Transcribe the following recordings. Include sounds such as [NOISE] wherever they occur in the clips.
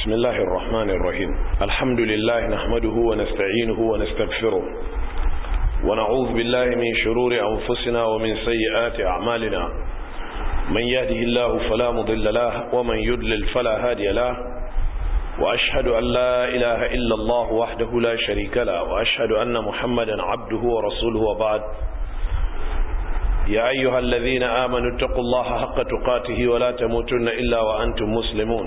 بسم الله الرحمن الرحيم الحمد لله نحمده ونستعينه ونستغفره ونعوذ بالله من شرور أنفسنا ومن سيئات أعمالنا من يهده الله فلا مضل له ومن يدلل فلا هادي له وأشهد أن لا إله إلا الله وحده لا شريك له وأشهد أن محمدا عبده ورسوله وبعد يا أيها الذين آمنوا اتقوا الله حق تقاته ولا تموتن إلا وأنتم مسلمون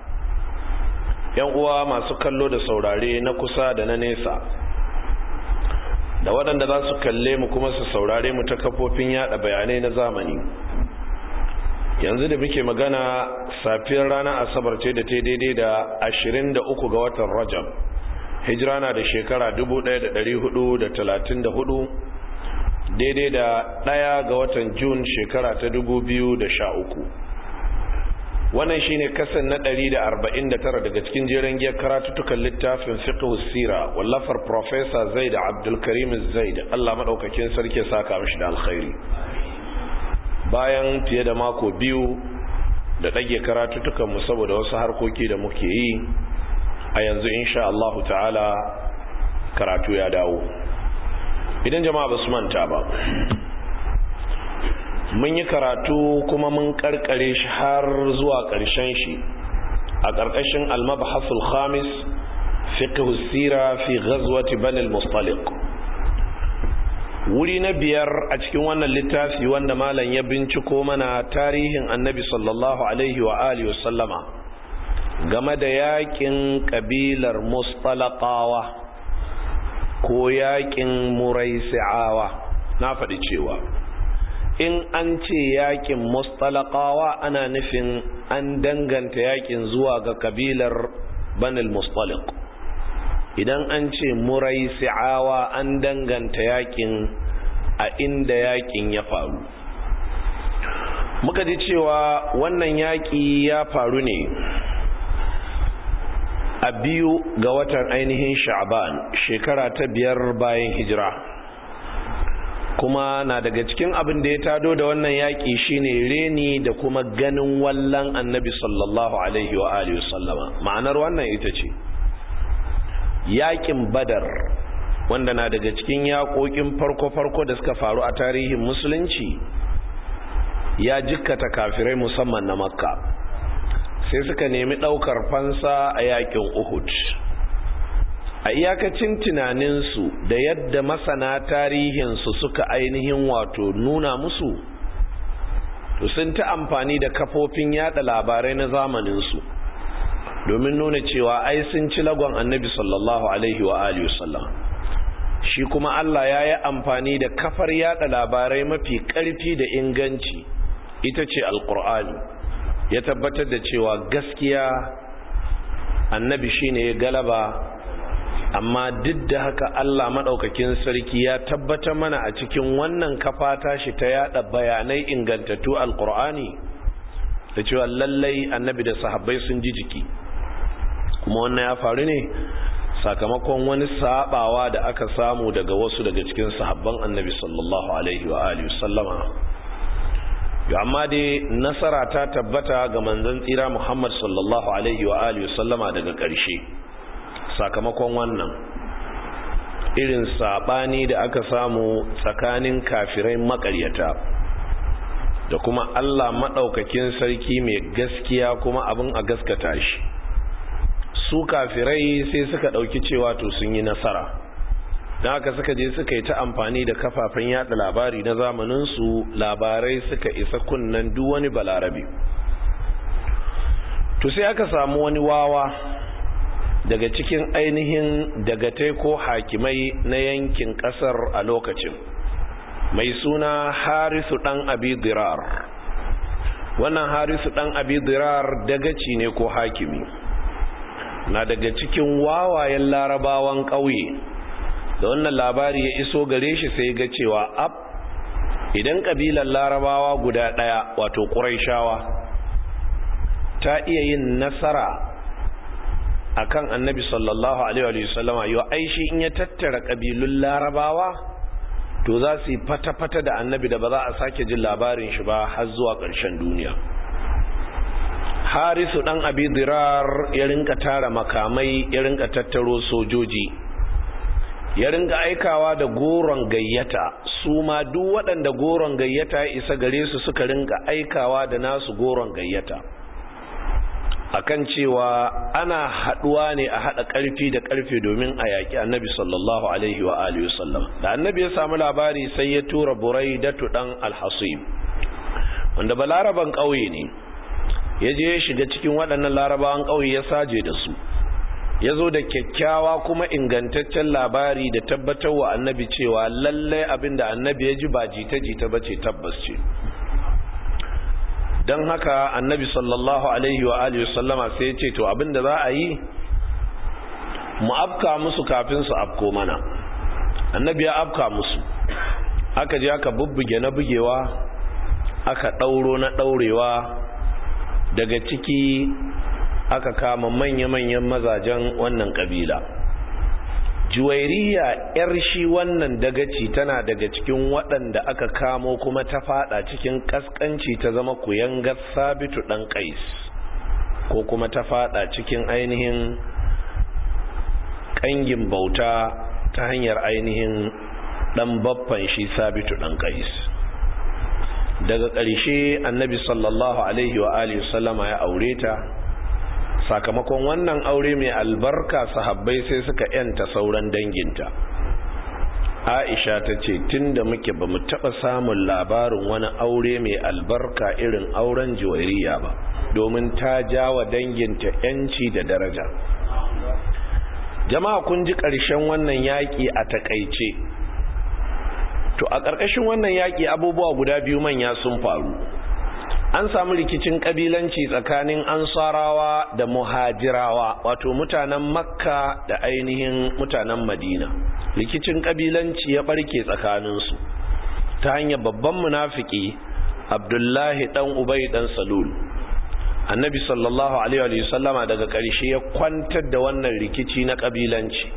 yan uwa masu kallo da saurare na kusa da na nesa da waɗanda za su kalle mu kuma su saurare mu ta kafofin yada bayanai na zamani yanzu da muke magana safiyar ranar asabar ce da ta daidai da uku ga watan rajab hijira na da shekara da 1434 daidai da ɗaya ga watan Jun shekara ta da sha uku. wannan shine kasan na 149 daga cikin jerin giyar karatutukan littafin fiqh sira wallafar professor Zaid Abdul Karim Zaid Allah madaukakin sarki saka mishi da alkhairi bayan fiye da mako biyu da dage karatutukan mu saboda wasu harkoki da muke yi a yanzu insha Allah ta'ala karatu ya dawo idan jama'a basu manta ba mun yi karatu kuma mun karkare shi har zuwa ƙarshen shi a ƙarƙashin almabhasul khamis fiqhu sira fi ghazwati Banil mustaliq wuri na biyar a cikin wannan littafi wanda malam ya binciko mana tarihin annabi sallallahu alaihi wa alihi wasallama game da yakin kabilar mustalaqawa ko yakin muraisi'awa na faɗi cewa in an ce yakin mustalakawa ana nufin an danganta yakin zuwa ga kabilar banil mustalik idan an ce murai si'awa an danganta yakin a inda yakin ya faru muka ji cewa wannan yaki ya faru ne a biyu ga watan ainihin sha'ban shekara ta biyar bayan hijira kuma na daga cikin abin da ya tado da wannan yaƙi shine reni da kuma ganin wallan annabi sallallahu alaihi wa alihi sallama ma'anar wannan ita ce yaƙin badar wanda na daga cikin yaƙoƙin farko-farko da suka faru a tarihin musulunci ya jikkata kafirai musamman na makka sai suka nemi ɗaukar fansa a yaƙin uhud a iyakacin tunaninsu da yadda masana tarihinsu suka ainihin wato nuna musu to sun ta amfani da kafofin yada labarai na zamaninsu domin nuna cewa ai sun ci lagon annabi sallallahu alaihi wa alihi wasallam shi kuma Allah ya yi amfani da kafar yada labarai mafi karfi da inganci ita ce alkur'ani ya tabbatar da cewa gaskiya annabi shine ya galaba amma duk da haka Allah maɗaukakin sarki ya tabbata mana a cikin wannan kafa shi ta yada bayanai ingantattu alkur'ani da cewa lallai annabi da sahabbai sun ji jiki kuma wannan ya faru ne sakamakon wani sabawa da aka samu daga wasu daga cikin sahabban annabi sallallahu alaihi wa alihi sallama amma dai nasara ta tabbata ga manzon tsira Muhammad sallallahu alaihi wa alihi sallama daga ƙarshe sakamakon wannan irin saɓani da aka samu tsakanin kafirai makaryata da kuma Allah maɗaukakin sarki mai gaskiya kuma abin a gaskata shi su kafirai sai suka ɗauki cewa to sun yi nasara don haka suka je suka yi ta amfani da kafafen yada labari na zamaninsu labarai suka isa kunnan duk wani balarabe to sai aka samu wani wawa daga cikin ainihin dagatai ko hakimai na yankin kasar a lokacin mai suna harisu ɗan abi dirar wannan harisu ɗan abi dirar dagaci ne ko hakimi na daga cikin wawayen larabawan ƙauye da wannan labari ya iso gare shi sai ga cewa ab idan ƙabilar larabawa guda ɗaya wato ƙuraishawa ta iya yin nasara akan annabi sallallahu alaihi wa sallama yau aishi in ya tattara kabilun larabawa to za su yi fata-fata da annabi da ba za a sake jin labarin shi ba har zuwa ƙarshen duniya harisu dan abi dirar ya rinka tara makamai ya rinka tattaro sojoji ya rinka aikawa da goron gayyata su ma duk waɗanda goron gayyata isa gare su suka rinka aikawa da nasu goron gayyata akan cewa ana haduwa ne a hada karfi da karfe domin a yaki annabi sallallahu alaihi wa alihi wasallam da annabi ya samu labari sai ya tura buraidatu dan alhasib wanda balaraban kauye ne ya je ya shiga cikin waɗannan larabawan kauye ya saje da su ya zo da kyakkyawa kuma ingantaccen labari da tabbatarwa annabi cewa lallai abin da annabi ya ji ba jita-jita ba ce tabbas ce don haka annabi sallallahu alaihi wa alihi sallama sai ya ce to abinda za a yi mu afka musu kafin su afko mana annabi ya afka musu aka je aka bubbuge na bugewa aka ɗauro na ɗaurewa daga ciki aka kama manya-manyan mazajen wannan ƙabila juwairiya yar shi wannan dagaci tana daga cikin waɗanda aka kamo kuma ta fada cikin kaskanci ta zama kuyangar sabitu ɗan ƙais ko kuma ta fada cikin ainihin ƙangin bauta ta hanyar ainihin ɗan baffan shi sabitu ɗan ƙais daga ƙarshe annabi sallallahu alaihi wa alihi wasallama ya aure ta sakamakon wannan aure mai albarka sahabbai sai suka yanta sauran danginta aisha ta ce tun da muke ba mu taɓa samun labarin wani aure mai albarka irin auren jiwariya ba domin ta jawa danginta yanci da daraja jama'a kun ji ƙarshen wannan yaƙi a taƙaice, to a ƙarƙashin wannan yaƙi abubuwa guda biyu manya sun faru an samu rikicin kabilanci tsakanin ansarawa da muhajirawa wato mutanen makka da ainihin mutanen madina rikicin kabilanci ya barke tsakaninsu ta hanyar babban munafiki abdullahi dan ubai dan salul annabi sallallahu alaihi sallama daga ƙarshe ya kwantar da wannan rikici na kabilanci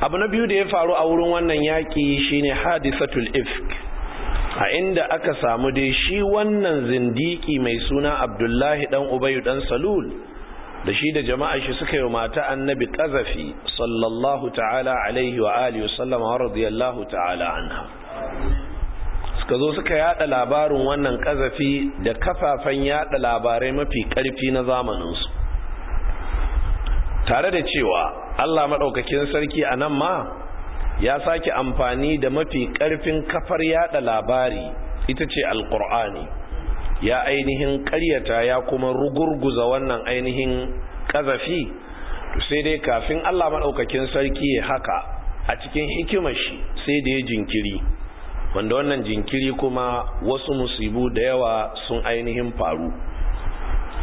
abu na biyu da ya faru a wurin wannan yaƙi shine hadisatul ifk a inda aka samu dai shi wannan zindiki mai suna abdullahi dan ubayu dan salul da shi da jama'a shi suka yi mata annabi kazafi sallallahu ta'ala alaihi wa alihi wa radiyallahu ta'ala anha suka zo suka yada labarin wannan kazafi da kafafen yada labarai mafi karfi na zamanin su. tare da cewa Allah madaukakin sarki anan ma ya sake amfani da mafi karfin kafar yada labari ita ce alkur'ani ya ainihin karyata ya kuma rugurguza wannan ainihin kazafi sai dai kafin Allah maɗaukakin sarki ya haka a cikin hikimar shi sai da ya jinkiri wanda wannan jinkiri kuma wasu musibu da yawa sun ainihin faru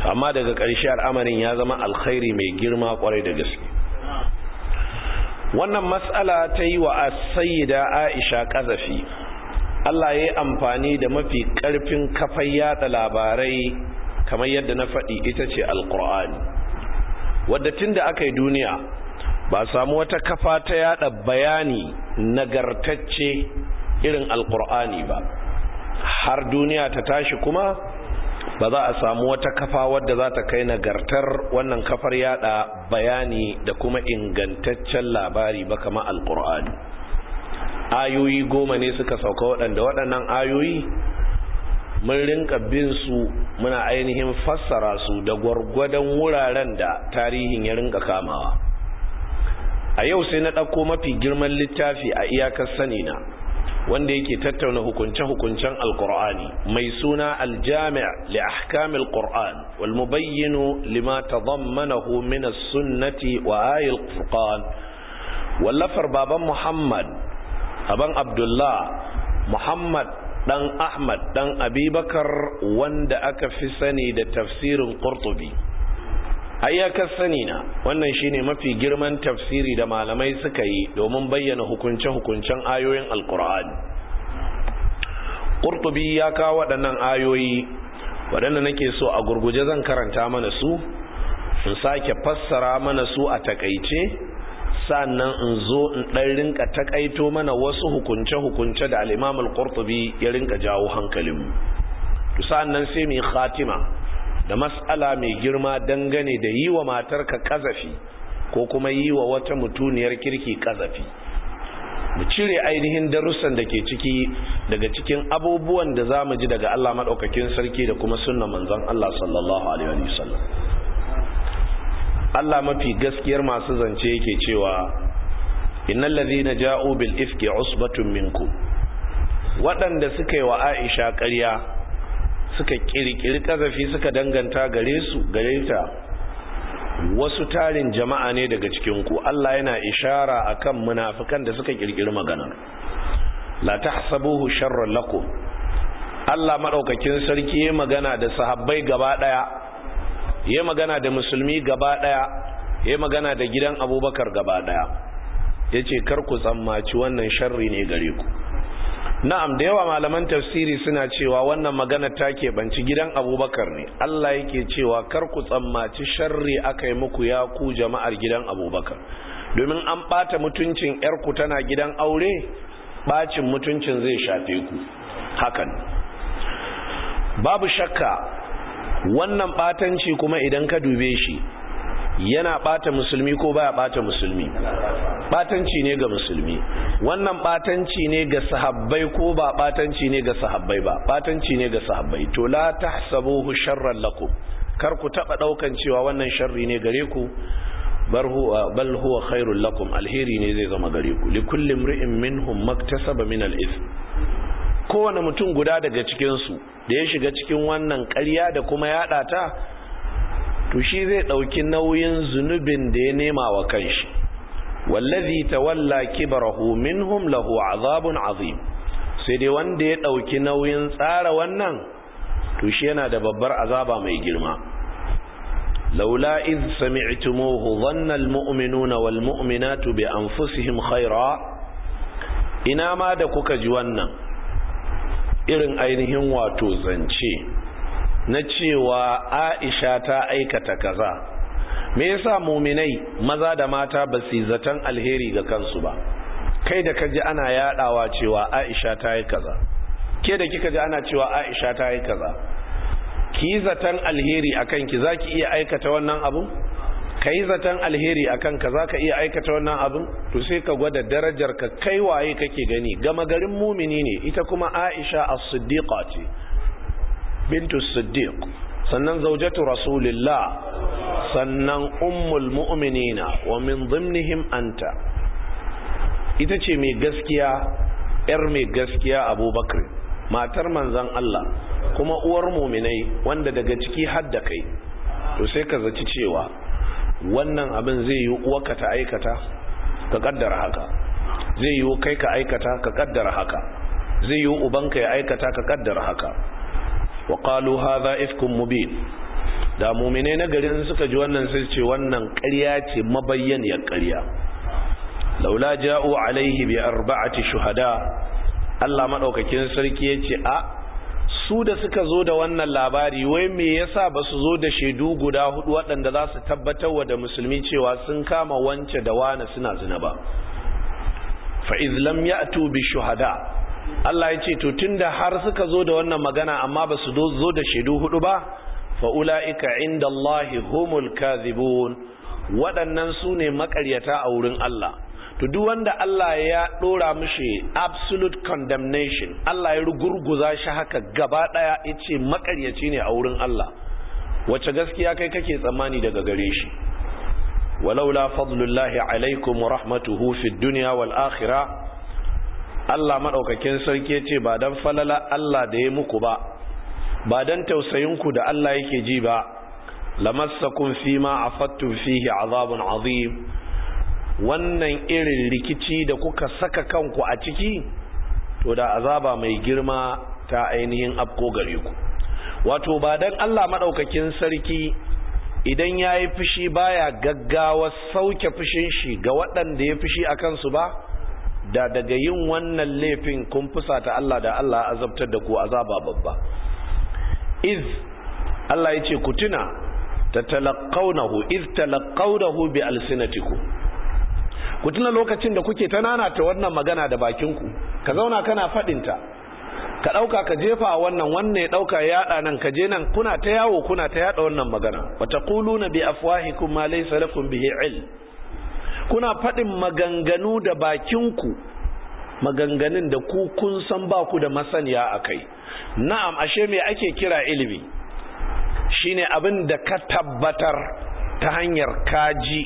amma daga ƙarshe al'amarin ya zama alkhairi mai girma kwarai da gaske wannan matsala ta yi wa sayida aisha ƙazafi allah ya yi amfani da mafi ƙarfin kafai yada labarai kamar yadda na faɗi ita ce alkur'ani wadda tun da aka yi duniya ba samu wata kafa ta yada bayani nagartacce irin alkur'ani ba har duniya ta tashi kuma ba za a samu wata kafa wadda za ta kai nagartar wannan kafar yada bayani da kuma ingantaccen labari ba kama alkur'ani ayoyi goma ne suka sauka waɗanda waɗannan ayoyi mun rinka bin su muna ainihin fassara su da gwargwadon wuraren da tarihin ya rinka kamawa a yau sai na ɗauko mafi girman littafi a iyakar sani na. wanda yake tattauna hukunce-hukuncen alkur'ani mai suna aljami'a li ahkamil qur'an wal mubayyinu lima tadammanahu min as-sunnati wa ayil furqan wallafar baban muhammad aban abdullah muhammad dan ahmad dan abubakar wanda aka fi sani da tafsirin qurtubi ayyakar sani na wannan shine mafi girman tafsiri da malamai suka yi domin bayyana hukunce-hukuncen ayoyin alkur'ani ƙurtubi ya kawo waɗannan ayoyi waɗanda nake so a gurguje zan karanta mana su in sake fassara mana su a takaice sannan in zo in ɗan rinka takaito mana wasu hukunce-hukunce da al'imamul ƙurtubi ya rinka jawo hankalinmu sannan sai mai khatima da mas'ala mai girma dangane da yi wa matarka kazafi ko kuma yi wa wata mutuniyar kirki kazafi mu cire ainihin darussan da ke ciki daga cikin abubuwan da za mu ji daga Allah maɗaukakin sarki da kuma sunna manzon Allah sallallahu alaihi wa sallam Allah mafi gaskiyar masu zance yake cewa innal ladhina ja'u bil ifki usbatun minkum waɗanda suka yi wa Aisha ƙarya suka kirkiri kazafi suka danganta gare su gare ta wasu tarin jama'a ne daga cikin ku Allah yana ishara akan munafikan da suka kirkiri magana la tahsabuhu sharran lakum Allah madaukakin sarki yayin magana da sahabbai gaba daya yayin magana da musulmi gaba daya yayin magana da gidan Abubakar gaba daya yace kar ku tsammaci wannan sharri ne gare ku na'am da yawa malaman tafsiri suna cewa wannan magana ta keɓanci gidan abubakar ne Allah yake cewa kar ku tsammaci sharri aka yi muku ya ku jama'ar gidan abubakar domin an ɓata mutuncin yarku tana gidan aure ɓacin mutuncin zai shafe ku hakan babu shakka wannan ɓatanci kuma idan ka dube shi yana bata musulmi ko baya bata musulmi batanci ne ga musulmi wannan batanci ne ga sahabbai ko ba batanci ne ga sahabbai ba batanci ne ga sahabbai to la tahsabuhu sharran lakum kar ku taba daukan cewa wannan sharri ne gare ku bal huwa khairul lakum alheri ne zai zama gare ku li kulli imri'in minhum maktasaba min al kowane mutum guda daga cikin su da ya shiga cikin wannan ƙarya da kuma yada ta to shi zai ɗauki nauyin zunubin da ya nema wa kanshi wallazi tawalla kibarahu minhum lahu azabun azim sai dai wanda ya ɗauki nauyin tsara wannan to shi yana da babbar azaba mai girma laula iz sami'tumuhu dhanna almu'minuna walmu'minatu bi anfusihim khaira ina ma da kuka ji wannan irin ainihin wato zance na cewa aisha ta aikata kaza me yasa muminai maza da mata ba su zaton alheri ga kansu ba kai da kaji ana yadawa cewa aisha ta yi kaza ke da kika ji ana cewa aisha ta yi kaza ki zaton alheri akan ki zaki iya aikata wannan abu kai zaton alheri akan ka zaka iya aikata wannan abin to sai ka gwada darajar ka kai waye kake gani gama garin mumini ne ita kuma aisha as-siddiqa ce bintu siddiq sannan zaujatu rasulillah sannan ummul mu'minina wa min dhimnihim anta ita ce mai gaskiya yar mai gaskiya abubakar matar manzon Allah kuma uwar muminai wanda daga ciki da kai to sai ka zaci cewa wannan abin zai yi uwarka ta aikata ka kaddara haka zai yi kai ka aikata ka kaddara haka zai yi ubanka ya aikata ka kaddara haka wa qalu hadha ifkum mubin da muminai na garin suka ji wannan sai ce wannan ƙarya ce mabayyaniyar ƙarya laula ja'u alaihi bi arba'ati shuhada Allah madaukakin sarki yace a su da suka zo da wannan labari wai me yasa ba su zo da shaidu guda hudu waɗanda za su tabbatar wa da musulmi cewa sun kama wance da wani suna zina ba fa iz lam ya'tu bi shuhada Allah ya ce to tunda har suka zo da wannan magana amma ba su zo da shaidu hudu ba fa ulaika indallahi humul kadhibun waɗannan su ne makaryata a wurin Allah to duk wanda Allah ya dora mishi absolute condemnation Allah ya rugurguza shi haka gaba daya yace makaryaci ne a wurin Allah wace gaskiya kai kake tsammani daga gare shi walaula fadlullahi alaikum wa rahmatuhu fid dunya wal akhirah Allah maɗaukakin sarki ya ce ba don falala Allah da ya muku ba ba don tausayinku da Allah yake ji ba lamassakun fi ma afattu fihi azabun azim wannan irin rikici da kuka saka kanku a ciki to da azaba mai girma ta ainihin afko gare ku wato ba don Allah maɗaukakin sarki idan ya yi fushi baya gaggawa sauke fushin shi ga waɗanda ya fushi a kansu ba da daga yin wannan laifin kun fusata Allah da Allah azabtar da ku azaba babba iz Allah yace ku tuna ta iz talaqawdahu bi alsinatiku ku tuna lokacin da kuke tanana ta wannan magana da bakin ku. ka zauna kana fadin ta ka dauka ka jefa wannan wannan ya dauka ya yada nan ka je nan kuna ta yawo kuna ta yada wannan magana wa taquluna bi afwahikum ma laysa lakum bihi ilm kuna faɗin maganganu da bakinku maganganun da ku kun san ba ku da masaniya a kai na'am ashe me ake kira ilimi shine abin da ka tabbatar ta hanyar kaji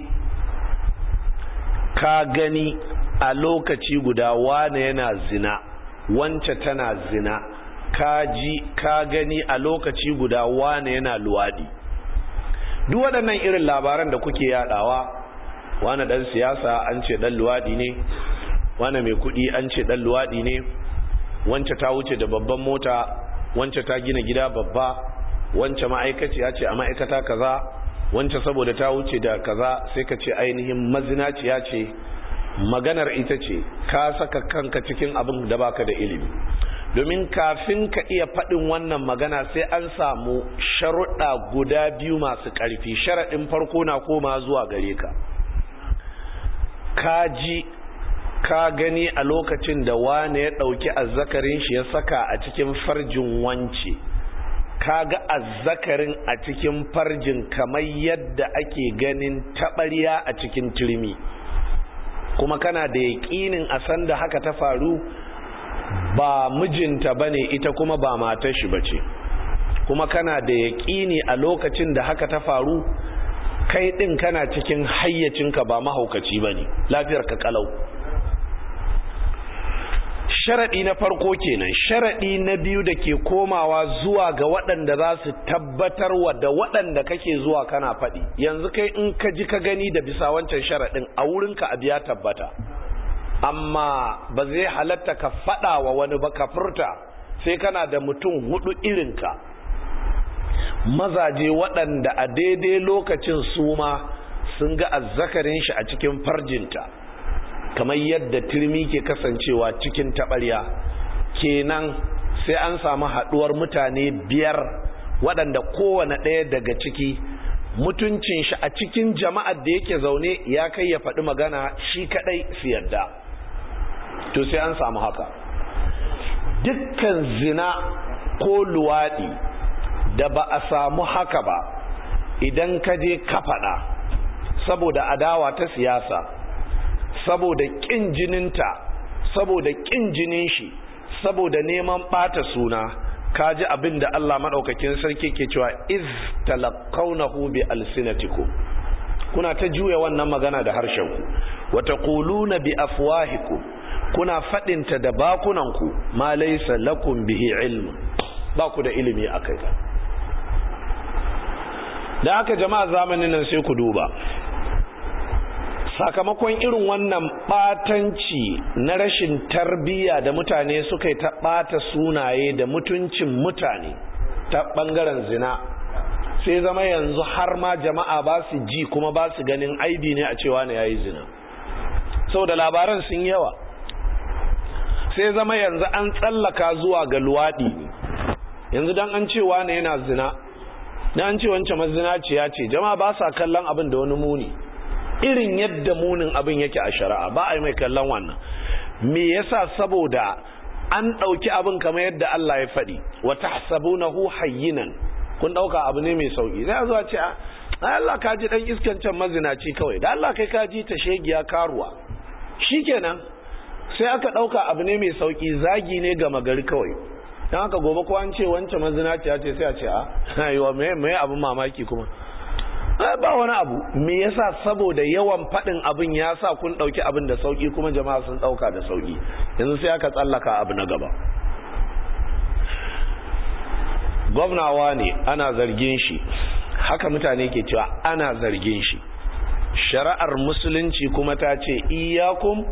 ka gani a lokaci guda wane yana zina wance tana zina kaji ka gani a lokaci guda wane yana luwadi duk waɗannan irin labaran da kuke yadawa wani dan siyasa an ce dan luwaɗi ne wani mai kuɗi an ce dan luwaɗi ne wance ta wuce da babban mota wance ta gina gida babba wance ma'aikaciya ce a ma'aikata kaza wance saboda ta wuce da kaza sai ka ce ainihin mazinaciya ce maganar ita ce ka saka kanka cikin abin da baka da ilimi domin kafin ka iya faɗin wannan magana sai an samu sharuɗa guda biyu masu ƙarfi sharaɗin farko na koma zuwa gare ka ka ji ka gani a lokacin da wane ya ɗauki azzakarin shi ya saka a cikin farjin wance ka ga azzakarin a cikin farjin kamar yadda ake ganin taɓarya a cikin turmi kuma kana da yaƙinin a sanda haka ta faru ba mijinta ba ne ita kuma ba matar shi ba ce kuma kana da yaƙini a lokacin da haka ta faru kai din kana cikin hayyacinka ba mahaukaci ba ne lafiyarka kalau sharaɗi na farko kenan sharaɗi na biyu da ke komawa zuwa ga waɗanda za su tabbatar da waɗanda kake zuwa kana faɗi yanzu kai in ka ji ka gani da bisa wancan sharaɗin a wurinka abu ya tabbata amma ba zai halatta ka faɗa wa wani ba ka furta sai kana da mutum hudu irinka mazaje waɗanda a daidai lokacin suma sun ga azzakarin shi a cikin farjinta kamar yadda turmi ke kasancewa cikin taɓarya kenan sai an samu haɗuwar mutane biyar waɗanda kowane ɗaya daga ciki mutuncin shi a cikin jama'ar da yake zaune ya kai ya faɗi magana shi kaɗai su yadda to sai an samu haka dukkan zina ko luwaɗi da ba a samu haka ba idan ka je ka faɗa saboda adawa ta siyasa saboda ƙin jininta saboda ƙin jinin shi saboda neman ɓata suna ka ji abin da Allah maɗaukakin sarki ke cewa iz talaqawnahu bi alsinatikum kuna ta juya wannan magana da harshen ku wa taquluna bi afwahikum kuna faɗinta da bakunanku ma laysa lakum bihi ilm ba ku da ilimi a kai. da haka jama'a zamanin nan sai ku duba sakamakon irin wannan batanci na rashin tarbiya da mutane suka yi ta sunaye da mutuncin mutane ta bangaren zina sai zama yanzu har ma jama'a ba su ji kuma ba su ganin aibi ne a cewa ne yayi zina sau da labaran sun yawa sai zama yanzu an tsallaka zuwa ga luwaɗi yanzu don an cewa ne yana zina na an ce wancan mazinaciya ce jama'a ba sa kallon abin da wani muni irin yadda munin abin yake a shari'a ba a yi mai kallon wannan me yasa saboda an ɗauki abin kamar yadda Allah ya faɗi wata wa tahsabunahu hayyinan kun ɗauka abu ne mai sauki sai zuwa ce a ah, Allah ka ji dan iskan can mazinaci kawai da Allah kai kaji ta shegiya karuwa shikenan sai aka ɗauka abu ne mai sauki zagi ne ga magari kawai don haka gobe ko an ce wancan mazinaciya ce sai a ce a yiwa mai abin mamaki kuma eh, ba wani abu me yasa saboda yawan faɗin abin ya sa kun ɗauki abin da sauƙi kuma jama'a sun ɗauka da sauƙi yanzu sai aka tsallaka abu na gaba gwamnawa ne ana zargin shi haka mutane ke cewa ana zargin shi shari'ar musulunci kuma ta ce iyakun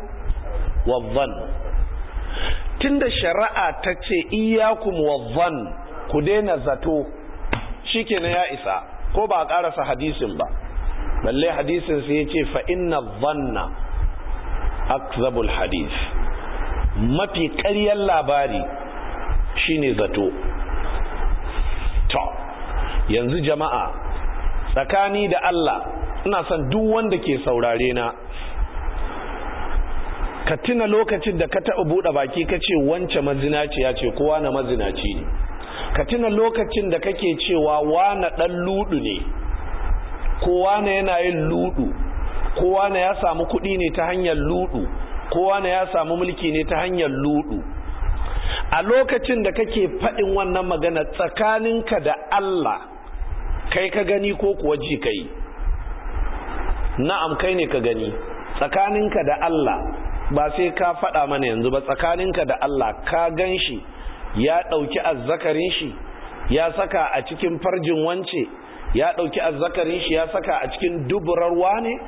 wadhan tunda shari'a ta ce iyyakum wadhann ku daina zato shikenan ya isa ko ba a karasa hadisin ba balle hadisin sai yace fa inna dhanna akzabul hadis mafi ƙaryar labari shine zato to yanzu jama'a tsakani da Allah ina son duk wanda ke saurare na ka tuna lokacin da ka taɓa buɗe baki ka ce wance mazinaciya ce kowa na mazinaci ne ka tuna lokacin da kake cewa wana ɗan ludu ne kowa na yana yin ludu kowa na ya samu kuɗi ne ta hanyar ludu kowa na ya samu mulki ne ta hanyar ludu a lokacin da kake faɗin wannan magana tsakaninka da Allah kai ka gani ko kuwa ji kai na'am kai ne ka gani tsakaninka da Allah ba sai ka faɗa mana yanzu ba tsakaninka da Allah ka gan shi ya ɗauki azzakarin shi ya saka a cikin farjin wance ya ɗauki azzakarin shi ya saka a cikin duburarwa ne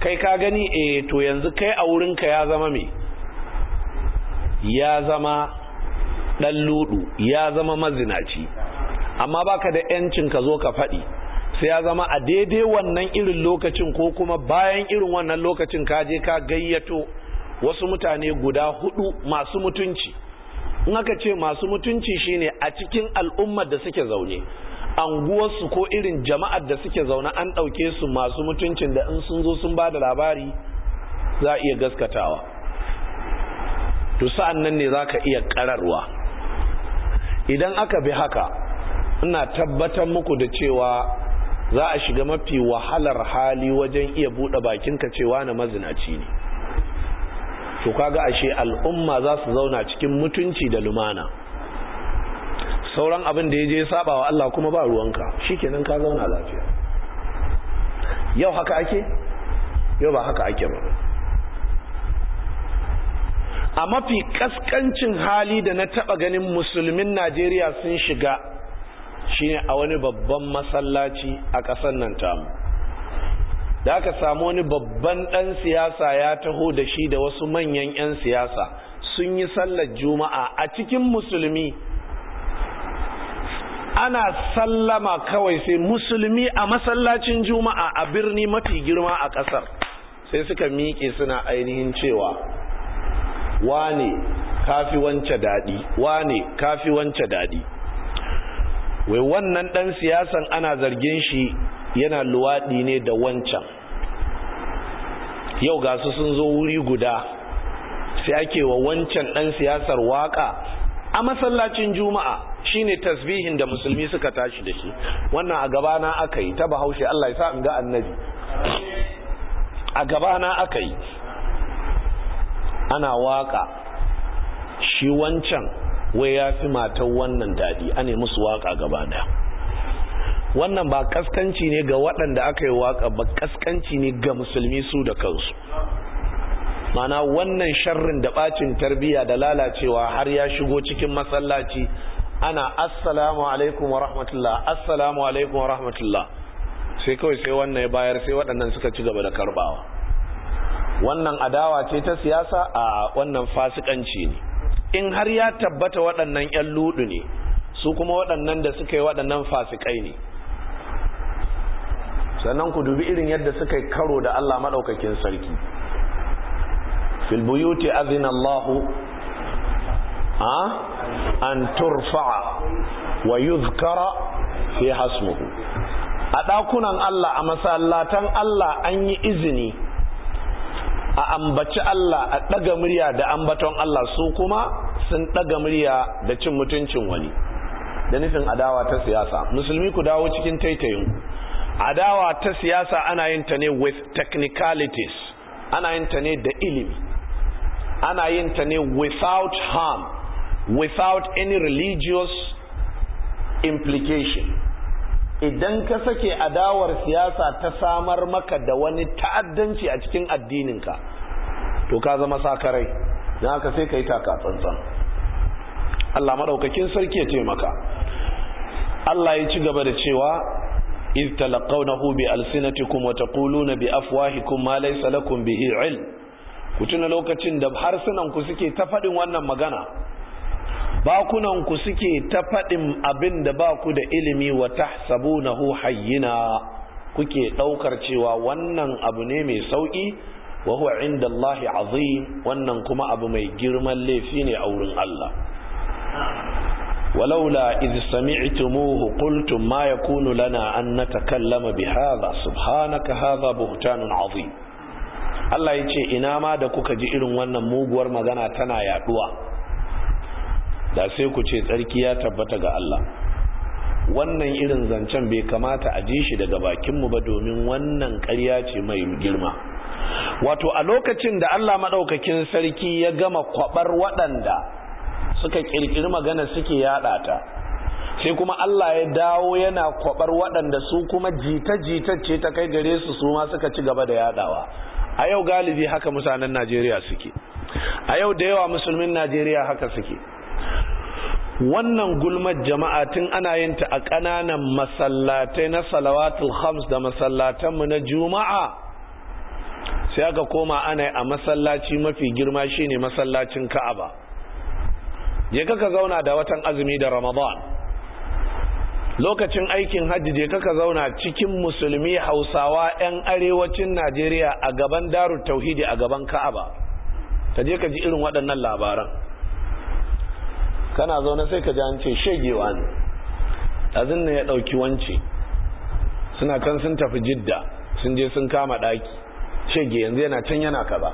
kai ka gani eh to yanzu kai a wurinka ya zama me ya zama ɗan ludu ya zama mazinaci amma baka da 'yancin ka zo ka faɗi sai ya zama a daidai wannan irin lokacin ko kuma bayan irin wannan lokacin ka je ka gayyato wasu mutane guda hudu masu mutunci in aka ce masu mutunci shine a cikin al'ummar da suke zaune anguwarsu ko irin jama'ar da suke zaune an ɗauke su masu mutuncin da in sun zo sun ba da labari za a iya gaskatawa to sa'an nan ne za ka iya ƙararwa idan aka bi haka ina tabbatar muku da cewa za a shiga mafi wahalar hali wajen iya buɗe bakin ka cewa na mazinaci ne to kaga ashe al'umma za su zauna cikin mutunci da lumana sauran abin da ya je saba wa Allah kuma ba ruwanka shikenan ka zauna lafiya yau haka ake yau ba haka ake ba a mafi kaskancin hali da na taba ganin musulmin Najeriya sun shiga Shi ne a wani babban masallaci a ƙasar nan tamu da aka samu wani babban ɗan siyasa ya taho da shi da wasu manyan 'yan siyasa sun yi sallar juma'a a cikin musulmi ana sallama kawai sai musulmi a masallacin juma'a a birni mafi girma a ƙasar sai suka miƙe suna ainihin cewa wane kafi wance daɗi wane kafi wance daɗi wai wannan dan siyasan ana zargin shi yana luwaɗi ne da wancan yau ga su sun zo wuri guda sai ake wa wancan dan siyasar waka a masallacin juma'a shine tasbihin da musulmi suka tashi da shi wannan a gabana aka yi ta bahaushe Allah ya sa in ga annabi a gabana aka yi ana waka shi wancan wai ya fi matan wannan daɗi a ne musu waka gaba da wannan ba kaskanci ne ga waɗanda aka yi waƙa ba kaskanci ne ga musulmi su da kansu mana wannan sharrin da ɓacin tarbiyya da lalacewa har ya shigo cikin matsalaci ana assalamu alaikum wa rahmatullah assalamu alaikum wa rahmatullah sai kawai sai wannan ya bayar sai waɗannan suka ci gaba da karbawa wannan adawa ce ta siyasa a wannan fasikanci ne in har ya tabbata waɗannan 'yan ludu ne su kuma waɗannan da suka yi waɗannan fasikai ne sannan ku dubi irin yadda suka yi karo da Allah maɗaukakin sarki fil buyuti azina lahu a an turfa'a wa yuzkara fi hasmuhu a ɗakunan Allah a masallatan Allah an yi izini a ambaci Allah a ɗaga murya da ambaton Allah su kuma sun ɗaga murya da cin mutuncin wani da nufin adawa ta siyasa musulmi ku dawo cikin taitayin adawa ta siyasa ana yin ta ne with technicalities ana yin ta ne da ilimi ana yin ta ne without harm without any religious implication idan ka sake adawar siyasa ta samar maka da wani ta'addanci a cikin addininka to ka zama sakarai don haka sai ka yi taka tsantsan Allah maɗaukakin sarki ya ce maka Allah ya ci gaba da cewa iz talaqawnahu bi alsinatikum wa taquluna bi afwahikum ma laysa lakum bihi ilm ku tuna lokacin da harsunan ku suke ta faɗin wannan magana bakunanku suke ta faɗin abin da ba ku da ilimi wa tahsabunahu hayyina kuke ɗaukar cewa wannan abu ne mai sauƙi wa huwa inda Allah azim wannan kuma abu mai girman laifi ne a wurin Allah ولولا إذ سمعتموه قلتم ما يكون لنا أن نتكلم بهذا سبحانك هذا بهتان عظيم Allah ya ce ina ma da kuka ji irin wannan muguwar magana tana yaduwa da sai ku ce tsarki ya tabbata ga Allah wannan irin zancen bai kamata a ji shi daga bakinmu ba domin wannan ƙarya ce mai girma wato a lokacin da Allah maɗaukakin sarki ya gama kwabar waɗanda suka ƙirƙiri magana suke yaɗa ta sai kuma Allah ya dawo yana kwabar waɗanda su kuma jita-jita ce ta kai gare su su ma suka ci gaba da yaɗawa a yau galibi haka mutanen Najeriya suke a yau da yawa musulmin Najeriya haka suke wannan gulmar jama'a tun ana yin ta a ƙananan masallatai na salawatul khams da masallatanmu na juma'a sai aka koma ana a masallaci mafi girma shine masallacin ka'aba je ka zauna da watan azumi da ramadan lokacin aikin hajji je ka zauna cikin musulmi hausawa 'yan arewacin najeriya a gaban daru tauhidi a gaban ka'aba ta je ka ji irin waɗannan labaran kana zaune sai ka ji an ce shegewa ne azin ne ya ɗauki wance suna kan sun tafi jidda sun je sun kama ɗaki shege yanzu yana can yana kaza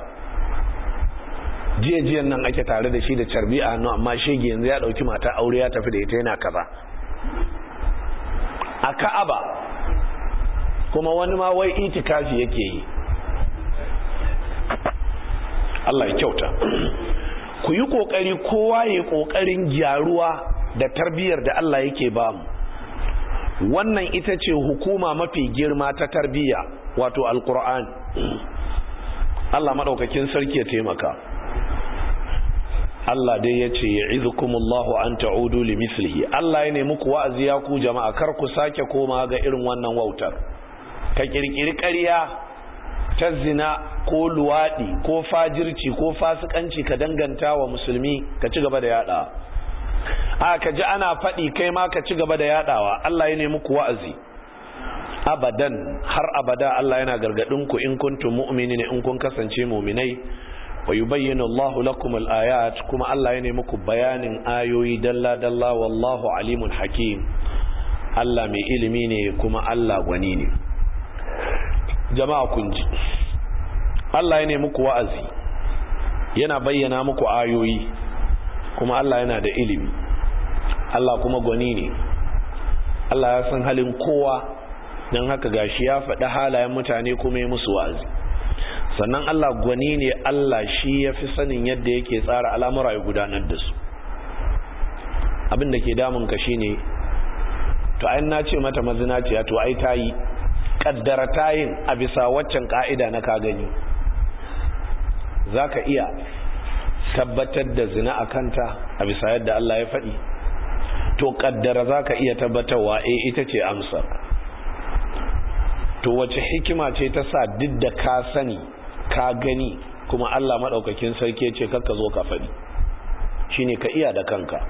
jiyan nan ake tare da shi da carbi a hannu amma shege yanzu ya ɗauki mata aure ya tafi da ita yana kaza a ka'aba kuma wani ma wai itikafi yake yi Allah ya kyauta ku yi kokari kowa ya kokarin gyaruwa da tarbiyyar da Allah yake ba mu wannan ita ce hukuma mafi girma ta tarbiyya wato alkur'an Allah madaukakin sarki ya taimaka Allah dai ya ce ya'izukumullahu an ta'udu mislihi Allah ya nemi ku wa'azi ya ku jama'a kar ku sake koma ga irin wannan wautar ka kirkiri ƙarya ta zina ko luwaɗi ko fajirci ko fasikanci ka danganta wa musulmi ka ci gaba da yaɗa a ka ji ana faɗi kai ma ka ci gaba da yadawa Allah ya nemi ku wa'azi abadan har abada Allah yana gargadin ku in kuntum ne in kun kasance mu'minai wa yubayyinu Allahu lakum al-ayat kuma Allah ya nemi ku bayanin ayoyi dalla dalla wallahu alimun hakim Allah mai ilimi ne kuma Allah gwani ne jama'a kun ji Allah ya nemi ku wa'azi yana bayyana muku ayoyi kuma Allah yana da ilimi Allah kuma gwani ne Allah ya san halin kowa don haka gashi ya faɗi halayen mutane kuma ya musu wa'azi sannan Allah gwani ne Allah shi ya fi sanin yadda yake tsara al'amura ya gudanar da su abinda da ke ka shi ne to ayin na ce mata mazinaciya to ai ta yi kaddara tayin a bisa waccan ka'ida na ka gani ka iya tabbatar da zina a kanta a bisa yadda Allah ya faɗi to kaddara za ka iya tabbatarwa a eh, ita ce amsa to wace hikima ce ta sa duk da ka sani ka gani kuma Allah maɗaukakin sarki ce kakka zo ka faɗi shine ka iya da kanka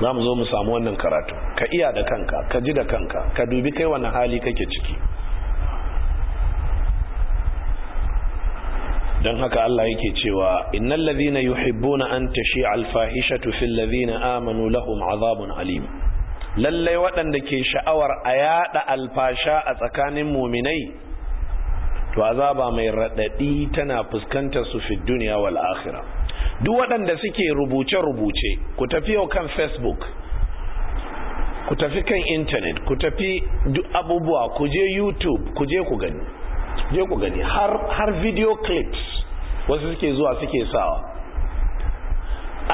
za mu zo mu samu wannan karatu ka iya da kanka ka ji da kanka ka dubi kai wani hali kake ciki don haka Allah yake cewa innal ladhina yuhibbuna an tashi'a al-fahishatu fil ladhina amanu lahum azabun alim lallai waɗanda ke sha'awar a yada alfasha a tsakanin muminai to azaba mai radadi tana fuskantar su fi duniya wal akhirah duk waɗanda suke rubuce-rubuce ku tafi yau kan facebook ku tafi kan intanet ku tafi duk abubuwa ku je youtube ku je ku gani je ku gani har, har video clips wasu suke zuwa suke sawa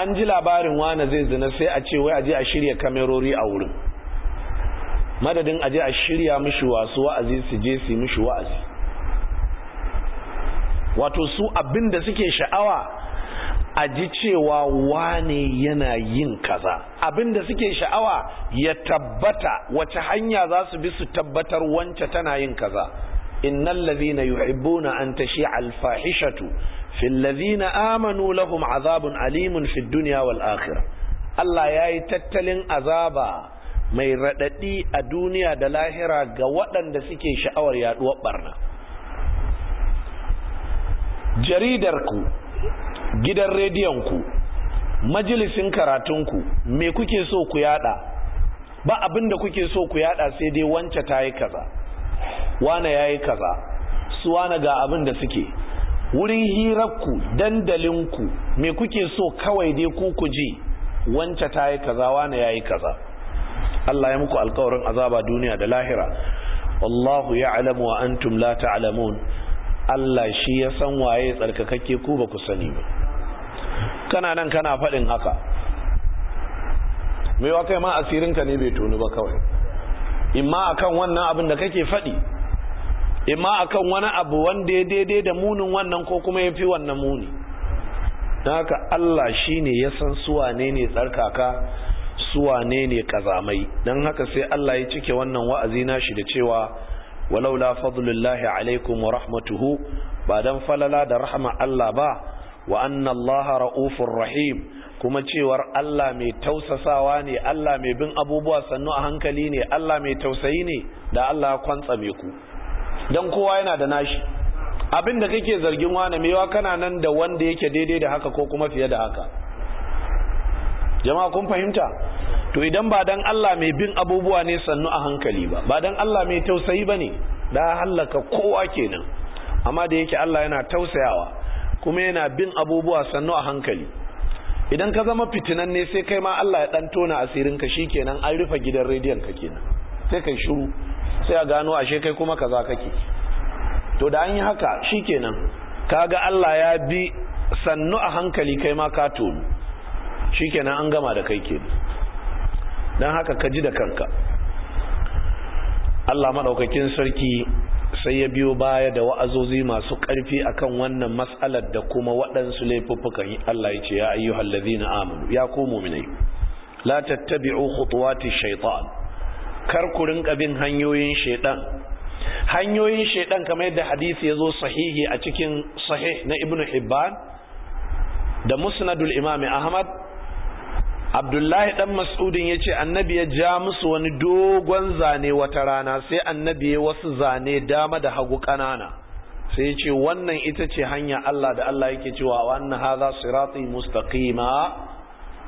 an ji labarin wane zai zina sai a ce wai aje a shirya kamerori a wurin madadin aje a shirya mishi wasu wa'azi su je su mishi wa'azi wato su abinda suke sha'awa a ji cewa wane yana yin kaza Abin da suke sha'awa ya tabbata wace hanya za su bi su tabbatar wance tana yin kaza innal ladhina yuhibbuna an tashi'a al-fahishatu fil ladhina amanu lahum azabun alimun fid dunya wal akhirah Allah yayi tattalin azaba mai radadi a duniya da lahira ga waɗanda suke sha'awar yaduwar barna jaridar ku gidan rediyonku majalisin karatunku me kuke so ku yada ba abin da kuke so ku yada sai dai wance ta yi kaza wane ya yi kaza su wane ga abin da suke wurin hirarku dandalinku me kuke so kawai dai ku ku ji wance ta yi kaza wane ya yi kaza Allah ya muku alkawarin azaba duniya da lahira wallahu ya'lamu wa antum la ta'lamun Allah shi ya san waye tsarkakakke ku ba ku sani ba kana nan kana faɗin haka mai kai ma asirinka ne bai tonu ba kawai imma akan wannan abin da kake faɗi imma akan wani abu wanda ya daidai da munin wannan ko kuma ya fi wannan muni don haka Allah shi ne ya san suwa ne ne tsarkaka suwa ne ne kazamai don haka sai Allah ya cike wannan wa'azi nashi da cewa walaula fadlullahi alaikum wa rahmatuhu ba dan falala da rahama Allah ba wa anna ra'ufur rahim kuma cewar Allah mai tausasawa ne Allah mai bin abubuwa sannu a hankali ne Allah mai tausayi ne da Allah ya ku dan kowa yana da nashi abin da kake zargin wani mewa kana nan da wanda yake daidai da haka ko kuma fiye da haka jama'a kun fahimta to idan ba dan Allah mai bin abubuwa ne sannu a hankali ba ba dan Allah mai tausayi ba ne da hallaka kowa kenan amma da yake Allah yana tausayawa kuma yana bin abubuwa sannu a hankali idan ka zama fitinan ne sai kai ma Allah ya dan tona asirinka shi kenan an rufe gidan rediyon ka kenan sai kai shiru sai a gano ashe kai kuma kaza kake to da an yi haka shi shikenan kaga Allah ya bi sannu a hankali kai ma ka tono shikenan an gama da kai ke don haka ka ji da kanka Allah maɗaukakin sarki sai ya biyo baya da wa'azozi masu ƙarfi akan wannan matsalar da kuma waɗansu laifuffukan yi. Allah ya ce ya ayyuhal ladhina amanu ya komo mu'minai la tattabi'u khutuwati shaitan kar ku rinka bin hanyoyin shaitan hanyoyin shaitan kamar yadda hadisi ya zo sahihi a cikin sahih na ibnu hibban da musnadul Imami ahmad abdullahi dan mas'udin ya ce annabi ya ja musu wani dogon zane wata rana sai annabi ya wasu zane dama da hagu kanana sai ya ce wannan ita ce hanya Allah da Allah yake cewa wannan haza sirati mustaqima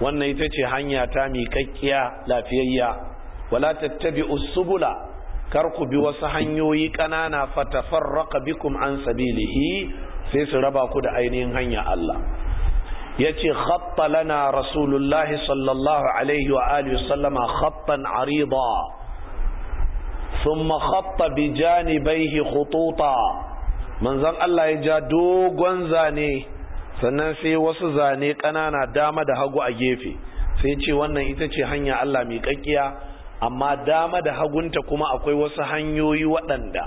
wannan ita ce hanya ta miƙaƙƙiya lafiyayya wala tattabi subula kar ku bi wasu hanyoyi kanana fatafarraqa bikum an sabilihi sai su raba ku da ainihin hanya Allah yace khatta lana rasulullahi sallallahu alaihi wa alihi sallama khattan arida thumma khatta bi janibaihi khututa manzon Allah ya ja dogon zane sannan sai wasu zane ƙanana dama da hagu a gefe sai ce wannan ita ce hanya Allah mai kakkiya amma dama da hagunta kuma akwai wasu hanyoyi waɗanda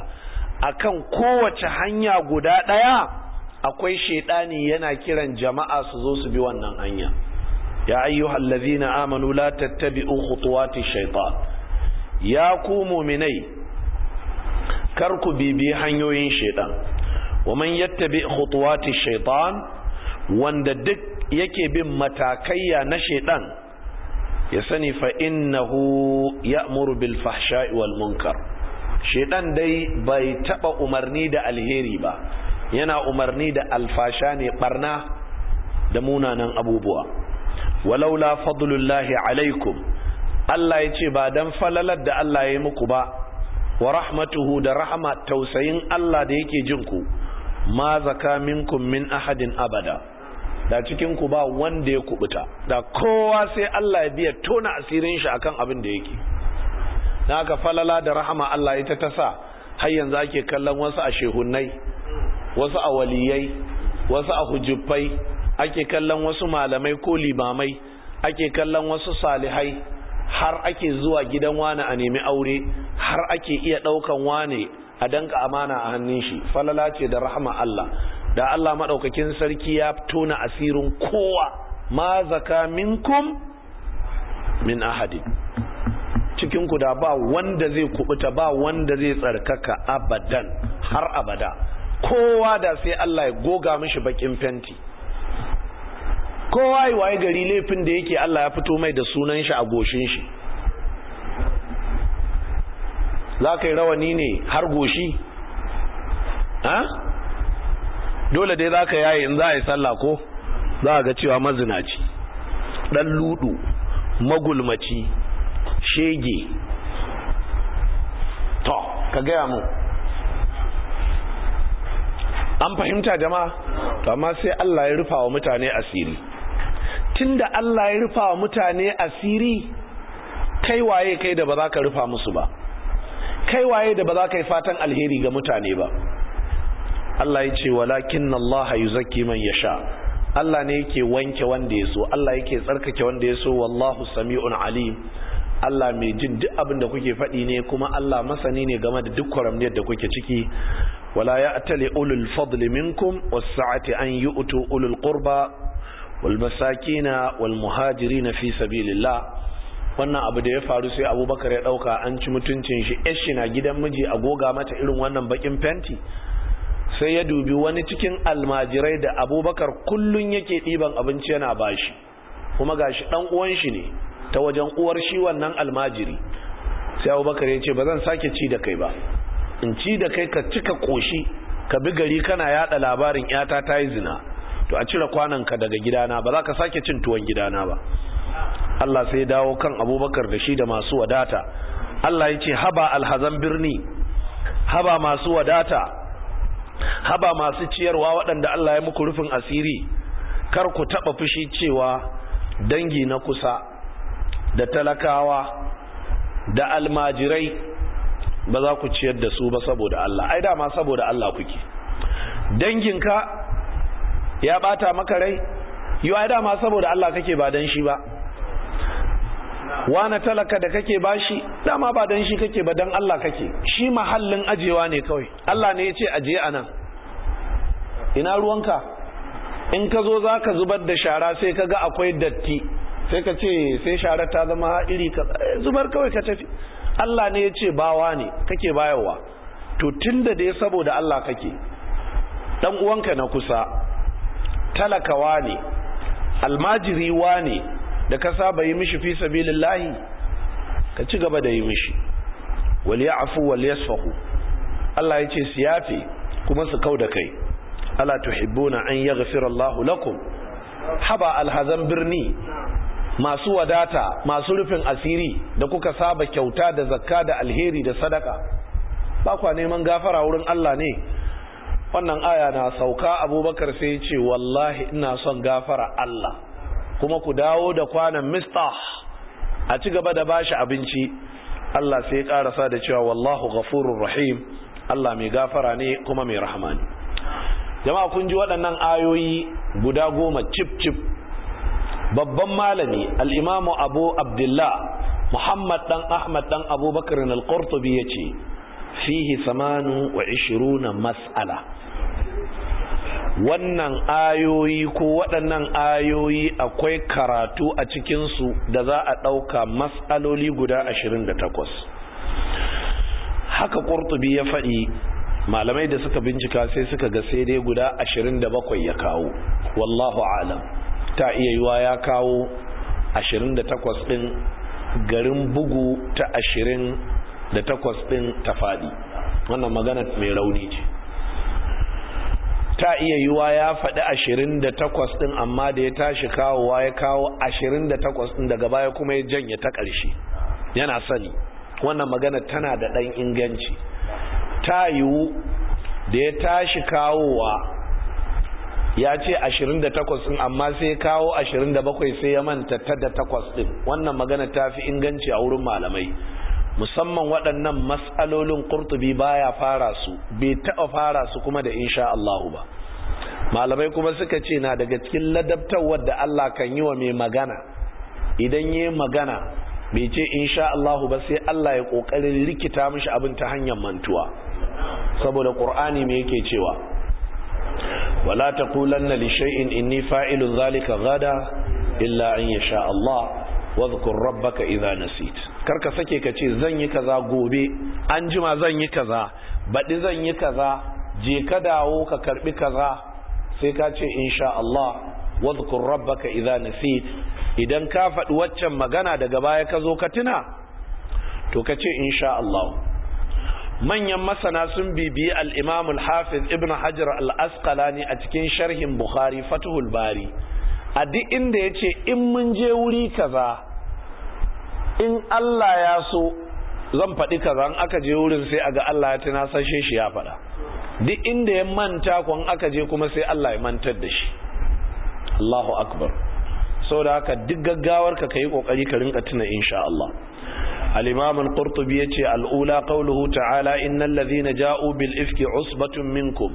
akan kowace hanya guda ɗaya akwai shaidani yana kiran jama'a su zo su bi wannan hanya ya ayyuhal ladzina amanu la tattabi'u khutuwati shaytan ya ku mu'minai kar ku bibi hanyoyin shaidan wa man yattabi khutuwati shaitan wanda duk yake bin matakaiya na shaidan ya sani fa innahu ya'muru bil fahsha'i wal munkar shaidan dai bai taba umarni da alheri ba yana umarni da alfasha ne barna da munanan abubuwa walaula fadlullahi alaikum Allah ya ce ba dan falalar da Allah ya yi muku ba wa rahmatuhu da rahama tausayin Allah da yake jin ku ma zaka minkum min ahadin abada da cikin ku ba wanda ya kubuta da kowa sai Allah ya biya tona asirin shi akan abin da yake naka falala da rahama Allah ita ta sa har yanzu ake kallon wasu a shehunnai wasu a waliyai wasu a hujjufai ake kallon wasu malamai ko limamai ake kallon wasu salihai har ake zuwa gidan wani a nemi aure har ake iya ɗaukan wani a danka amana a hannun shi falala ce da rahama Allah da Allah maɗaukakin sarki ya tona asirin kowa ma zaka minkum min ahadi cikin ku da ba wanda zai kubuta ba wanda zai tsarkaka abadan har abada kowa da sai Allah ya goga mishi bakin fenti kowa yi waye gari laifin da yake Allah ya fito mai da sunan shi a goshin shi za ka yi rawani ne har goshi ha dole dai za ka yaye in za a yi sallah ko za a ga cewa mazinaci ɗan ludu magulmaci shege ta ka gaya mu an fahimta jama'a to amma sai Allah ya rufa wa mutane asiri tunda Allah ya rufa wa mutane asiri kai waye kai da ba za ka rufa musu ba kai waye da ba za ka yi fatan alheri ga mutane ba Allah ya ce walakin Allah yuzakki man yasha Allah ne yake wanke wanda ya so Allah yake tsarkake wanda ya so wallahu sami'un alim Allah mai jin duk abin da kuke faɗi ne kuma Allah masani ne game da duk kwaramniyar da kuke ciki ولا يأتل أولو الفضل منكم والسعة أن يؤتوا أولو القربى والمساكين والمهاجرين في سبيل الله wannan abu da ya faru sai abubakar ya dauka an ci mutuncin shi yashi na gidan miji a goga mata irin wannan bakin fenti sai ya dubi wani cikin almajirai da abubakar kullun yake ɗiban abinci yana bashi kuma gashi ɗan uwan shi ne ta wajen uwar shi wannan almajiri sai abubakar ya ce ba zan sake ci da kai ba in ci da kai ka cika koshi ka bi gari kana yada labarin yata ta yi zina to a cire ka daga gidana ba za ka sake cin tuwon gidana ba Allah sai dawo kan abubakar da shi da masu wadata Allah ya ce haba alhazan birni haba masu wadata haba masu ciyarwa waɗanda Allah ya muku rufin asiri kar ku taɓa fushi cewa dangi na kusa da talakawa da almajirai ba za ku ciyar da su ba saboda Allah ai dama saboda Allah kuke danginka ya bata maka rai yau ai dama saboda Allah kake ba dan shi ba wani talaka da kake bashi dama ba dan shi kake ba dan Allah kake shi mahallin ajewa ne kawai Allah ne ya ce aje anan ina ruwanka in ka zo za ka zubar da shara sai ka ga akwai datti sai ka ce sai shara ta zama iri ka eh, zubar kawai ka tafi Allah ne ya ce bawa ne kake bayarwa to tunda da ya saboda Allah kake dan uwanka na kusa talakawa ne almajiriwa ne da ka saba yi mishi fi sabilillahi ka ci gaba da yi mishi wal ya'fu wal yasfahu Allah ya ce su yafe kuma su kau da kai ala tuhibbuna an yaghfira Allahu lakum haba alhazan birni masu wadata masu rufin asiri da kuka saba kyauta da zakka da alheri da sadaka ba kwa neman gafara wurin Allah ne wannan aya na sauka abubakar sai ce wallahi ina son gafara Allah kuma ku dawo da kwanan mistah a ci gaba da bashi abinci Allah sai ya karasa da cewa wallahu ghafurur rahim Allah mai gafara ne kuma mai rahmani jama'a kun ji waɗannan ayoyi guda goma chip chip babban malami al'imamu abu abdullah muhammad dan ahmad dan abubakar al-qurtubi ya ce fihi samanu wa ishiruna mas'ala wannan ayoyi ko waɗannan ayoyi akwai karatu a cikinsu da za a ɗauka mas'aloli guda ashirin haka ƙurtubi ya faɗi malamai da suka bincika sai suka ga sai dai guda ashirin ya kawo wallahu alam ta iya yiwa ya kawo 28 din garin bugu ta 28 din ta fadi wannan magana mai rauni ce ta iya yiwa ya faɗi 28 din amma da ya tashi kawowa ya kawo 28 din daga baya kuma ya janye ta ƙarshe yana sani wannan magana tana da ɗan inganci ta yiwu da ya tashi kawowa ya ce 28 din amma sai kawo 27 sai ya manta ta da takwas ɗin wannan magana ta fi inganci a wurin malamai musamman waɗannan matsalolin kurtubi baya fara su bai taɓa fara su kuma da insha Allahu ba malamai kuma suka ce na daga cikin ladabtarwar da Allah kan yi wa mai magana idan yi magana bai ce insha Allahu ba sai Allah ya ƙoƙarin rikita mishi abin ta hanyar mantuwa saboda ƙur'ani mai yake cewa wala taqulanna li shay'in inni fa'ilun zalika gada illa an yasha Allah wadhkur rabbaka idha karka sake ka ce zan yi kaza gobe an jima zan yi kaza baɗi zan yi kaza je ka dawo ka karbi kaza sai ka ce insha Allah wadhkur rabbaka idha nasit idan ka faɗi waccan magana daga baya ka zo ka tuna to ka ce insha Allah manyan masana sun bibiyi al-imam al-hafiz ibn hajar al-asqalani a cikin sharhin bukhari fatuhul bari a duk inda ya ce in mun je wuri kaza in Allah ya so zan faɗi kaza in aka je wurin sai aga Allah ya tuna sashe shi ya faɗa duk inda ya manta an aka je kuma sai Allah ya mantar da shi Allahu akbar saboda haka duk gaggawar ka kai kokari ka rinka tuna insha Allah al-imam al-qurtubi yace al ta'ala innal ladhina ja'u bil ifki usbatun minkum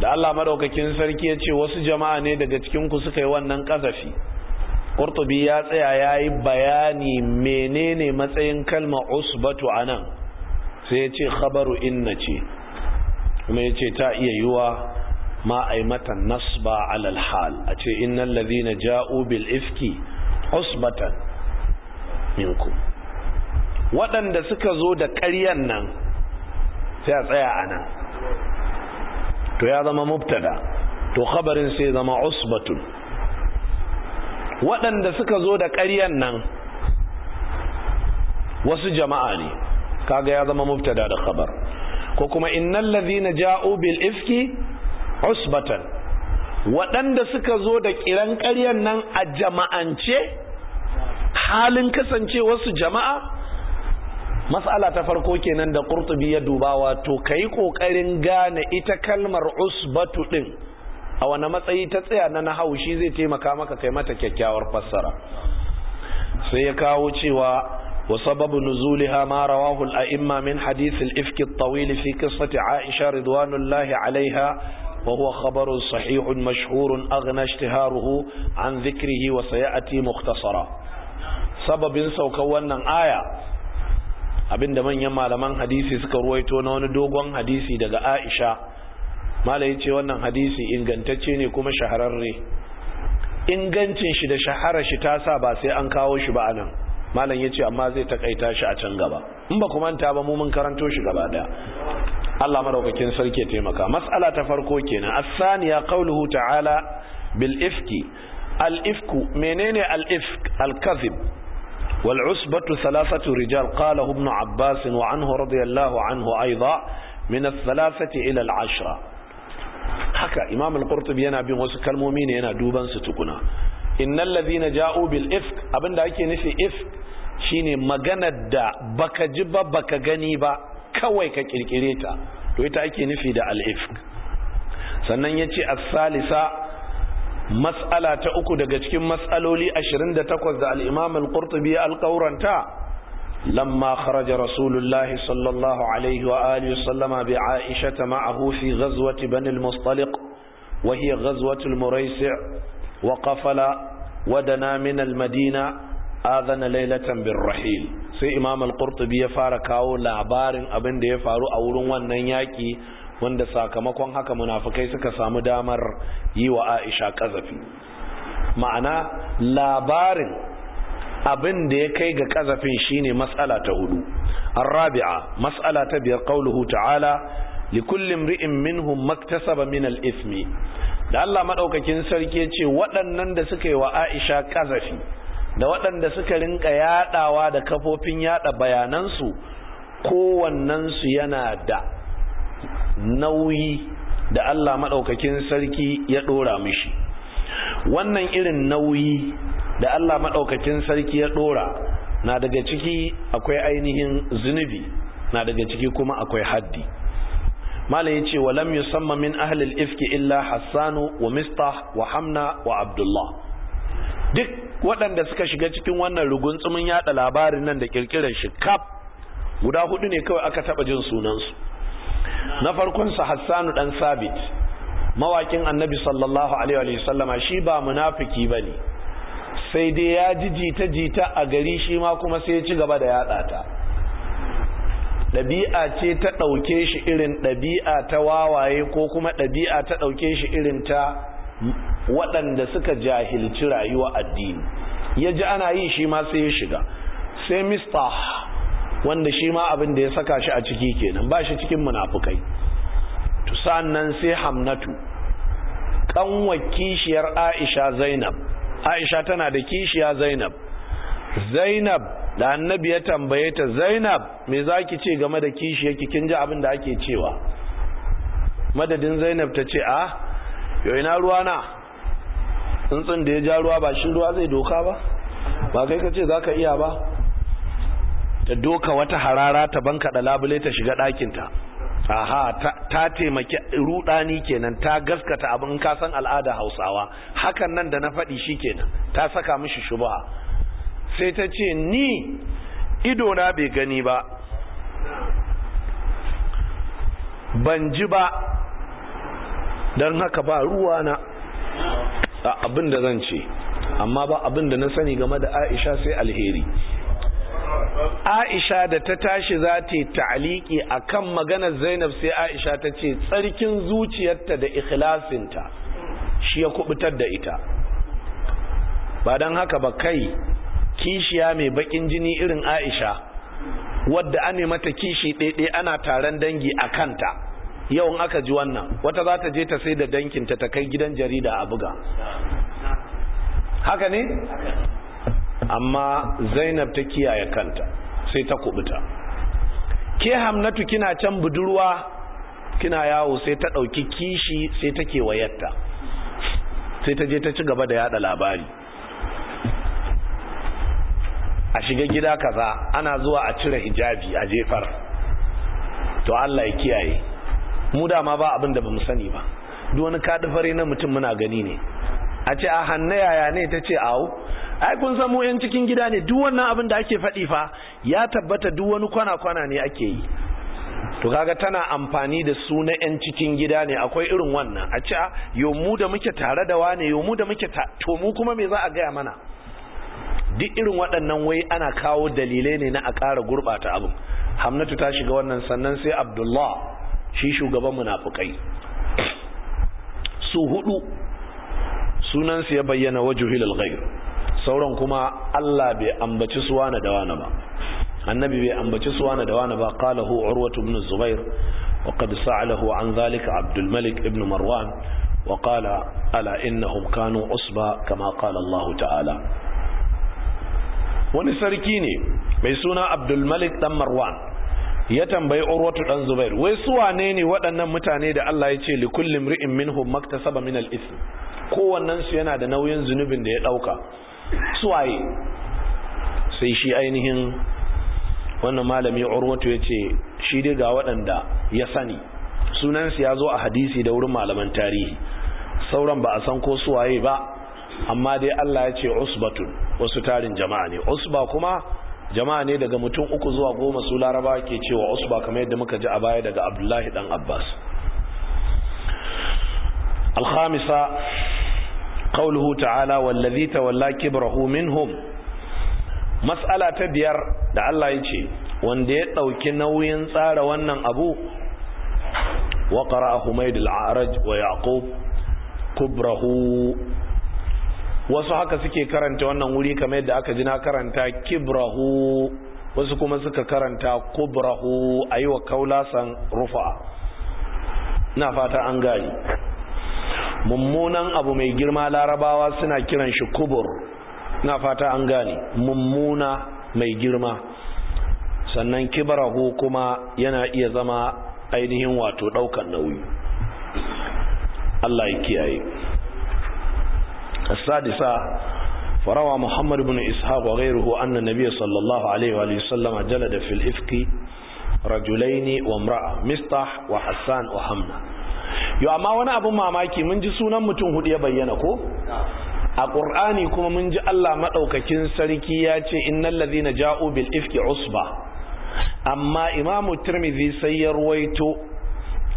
da Allah maɗaukakin sarki yace wasu jama'a ne daga cikin ku suka yi wannan kazafi Ƙurtubi ya tsaya yayi bayani menene matsayin kalma usbatu anan sai yace khabaru inna ce kuma yace ta iya yiwa ma ai mata nasba alal hal a ce innal ladhina ja'u bil ifki usbatan minkum waɗanda suka zo da ƙaryan nan sai a tsaya a nan to ya zama mubtada to khabarin sai zama usbatun waɗanda suka zo da ƙaryan nan wasu jama'a ne kaga ya zama mubtada da khabar ko kuma innal ladhina ja'u bil ifki usbatan waɗanda suka zo da kiran ƙaryan nan a jama'ance halin kasance wasu jama'a mas'ala ta farko kenan da kurtubi ya duba wato kai kokarin gane ita kalmar usbatu din a wani matsayi ta tsaya na nahawu shi zai taimaka maka kai mata kyakkyawar fassara sai ya kawo cewa wa sababu nuzuliha ma rawahu al-a'imma min hadith al-ifk at-tawil fi qissat Aisha ridwanullahi 'alayha wa huwa khabar mashhurun mashhur aghna an dhikrihi wa sayati mukhtasara sababin saukar wannan aya abinda manyan malaman hadisi suka ruwaito na wani dogon hadisi daga Aisha malai ce wannan hadisi ingantacce ne kuma shahararre ingancin shi da shahara shi ta sa ba sai an kawo shi ba nan, malam yace amma zai takaita shi a can gaba in ba kuma manta ba mu mun karanto shi gaba daya Allah madaukakin sarki ya taimaka mas'ala ta farko kenan as-saniya qawluhu ta'ala bil ifki al ifku menene al ifk al kadhib والعصبة salasatu rijal قاله ابن عباس وعنه رضي الله anhu أيضا من الثلاثة إلى العشرة haka imam al yana bin wasu kalmomi ne yana duban su tukuna innal ladhina ja'u bil ifk abinda ake nufi ifk shine maganar da baka ji ba baka gani ba kawai ka kirkire to ita ake nufi da al ifk sannan ya yace a salisa mas'ala ta uku daga cikin matsaloli 28 da al da al-qurtubi ya qauranta lamma kharaja rasulullahi sallallahu alaihi wa alihi sallama bi aisha ma'ahu fi ghazwati bani al-mustaliq wa hiya ghazwatu al wa qafala wa dana min al-madina adana laylatan birrahil sai imam al-qurtubi ya fara kawo labarin abin da ya faru a wurin wannan yaki wanda sakamakon haka munafikai suka samu damar yi wa Aisha kazafi ma'ana labarin abin da ya kai ga kazafin shine matsala ta hudu arabi'a mas'ala ta biyar qauluhu ta'ala likulli ri'in minhum maktasaba min al-ithmi da Allah madaukakin sarki yace waɗannan da suka yi wa Aisha kazafi da waɗanda suka rinka yadawa da kafofin yada bayanansu kowannensu yana da nauyi da Allah maɗaukakin sarki ya ɗora mishi wannan irin nauyi da Allah maɗaukakin sarki ya ɗora na daga ciki akwai ainihin zunubi na daga ciki kuma akwai haddi malam ya ce walam yusamma min ahlil ifki illa hassanu wa mistah wa hamna wa abdullah duk waɗanda suka shiga cikin wannan rugun tsumin yaɗa labarin nan da kirkirar shi kaf guda hudu ne kawai aka taɓa jin sunansu na farkon sa hassanu dan sabit mawakin annabi sallallahu alaihi wa sallama shi ba munafiki bane sai dai ya ji jita jita a gari shi ma kuma sai ya ci gaba da yatsa ta ɗabi'a ce ta ɗauke shi irin ɗabi'a ta wawaye ko kuma ɗabi'a ta ɗauke shi irin ta waɗanda suka jahilci rayuwa addini ya ji ana yi shi ma sai ya shiga sai mistah wanda shi ma abin da ya saka shi a ciki kenan ba shi cikin munafukai to sannan sai hamnatu kanwar kishiyar aisha zainab aisha tana da kishiya zainab zainab da annabi ya tambaye ta zainab me za ki ce game da kishiyar kin ji abin da ake cewa madadin zainab ta ce a ah, yo ina ruwa na tsuntsun da ya ja ruwa ba shi ruwa zai doka ba ba kai ka ce za ka iya ba ta doka wata harara ta bankaɗa labule ta shiga ɗakinta aha ta taimaki rudani kenan ta gaskata abin kasan al'ada hausawa hakan nan da na faɗi shi kenan ta saka mishi shubaha sai ta ce ni idona bai gani ba ban ji ba don haka ba ruwa na abin da zan ce amma ba abinda na sani game da aisha sai alheri Aisha da ta tashi za ta yi ta'aliki a kan maganar Zainab sai Aisha ta ce tsarkin zuciyarta da ikhlasinta shi ya kubutar da ita ba don haka ba kai kishiya mai bakin jini irin Aisha wadda ane mata kishi ɗaiɗe ana taron dangi a kanta yawan aka ji wannan wata za ta je ta sai da dankinta ta kai gidan jarida a buga haka ne amma zainab ta kiyaye kanta sai ta kubuta ke hamnatu kina can budurwa kina yawo sai ta ɗauki kishi sai ta wayatta sai ta je ta ci gaba da yada labari a shiga gida kaza ana zuwa a cire hijabi a jefar to Allah ya kiyaye mu dama ba abin da bamu sani ba duk wani kadifare na mutum muna gani ne a ce a hannaya yaya ne ta ce awo ai kun san mu yan cikin gida ne duk wannan abin da ake faɗi fa ya tabbata duk wani kwana-kwana ne ake yi to kaga tana amfani da su na yan cikin gida ne akwai irin wannan a ce ah, yo mu da muke tare da wane mu da muke ta to mu kuma me za a gaya mana duk irin waɗannan wai ana kawo dalilai ne na a ƙara gurɓata abin hamnatu ta shiga wannan sannan sai abdullah shi shugaban munafukai su hudu sunansu ya bayyana wajuhilal ghair sauran kuma Allah bai ambaci su wani da wani ba annabi bai ambaci su wani da wani ba qalahu urwatu ibn zubair wa qad sa'alahu an zalika abdul malik ibn marwan wa qala ala innahum kanu usba kama qala Allah ta'ala wani sarki ne mai suna abdul malik dan marwan ya tambayi urwatu dan zubair wai su wane ne waɗannan mutane da Allah ya ce li kulli imri'in minhum maktasaba min al-ithm kowannen su yana da nauyin zunubin da ya dauka suwaye sai shi ainihin wannan malami urwatu ya ce shi dai ga waɗanda ya sani sunansu ya zo a hadisi da wurin malaman tarihi sauran ba a san ko suwaye ba amma dai Allah ya ce usbatun wasu tarin jama'a ne usba kuma jama'a ne daga mutum uku zuwa goma su laraba ke cewa usba kamar yadda muka ji a baya daga abdullahi dan abbas alhamisa قوله تعالى والذي تولى كبره منهم مسألة تبير Allah الله يجي wanda ya ɗauki nauyin tsara wannan abu wa ƙara humaid al'araj wa wasu haka suke karanta wannan wuri kamar yadda aka ji na karanta kibrahu wasu kuma suka karanta kubrahu a yi wa kaulasan rufa na fata an gari mummunan abu mai girma larabawa suna kiran shi kubur na fata an gane mummuna mai girma sannan kibarahu kuma yana iya zama ainihin wato ɗaukan nauyi Allah ya kiyaye sadisa farawa muhammad ibn ishaq wa ghayruhu anna nabiyya sallallahu alaihi wa sallam jalada fil ifki rajulaini wa imra'a mistah wa Hassan wa hamna yau amma wani abin mamaki mun ji sunan mutum hudu ya bayyana ko a ƙur'ani kuma mun ji allah maɗaukakin sarki ya ce innan na ja'u bil ifki usba amma imamu turmizi sai ya ruwaito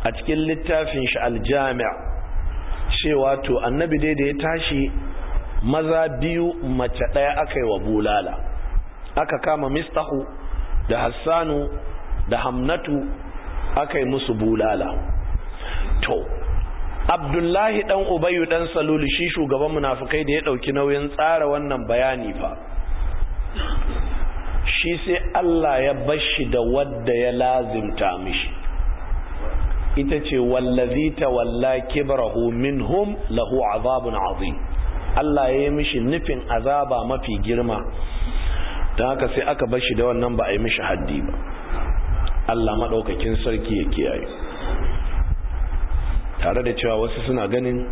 a cikin littafin shi aljami'a cewa to annabi dai da ya tashi maza biyu mace ɗaya aka yi wa bulala aka kama mistahu da hassanu da hamnatu aka yi musu bulala to abdullahi dan ubayyu dan salulu shi shugaban munafikai da ya dauki nauyin tsara wannan bayani fa shi sai Allah ya bashi da wadda ya lazimta mishi ita ce wallazi tawalla kibrahu minhum lahu azabun azim Allah ya yi mishi nufin azaba mafi girma don haka sai aka bashi da wannan ba a yi mishi haddi ba Allah maɗaukakin sarki ya kiyaye tare da cewa wasu suna ganin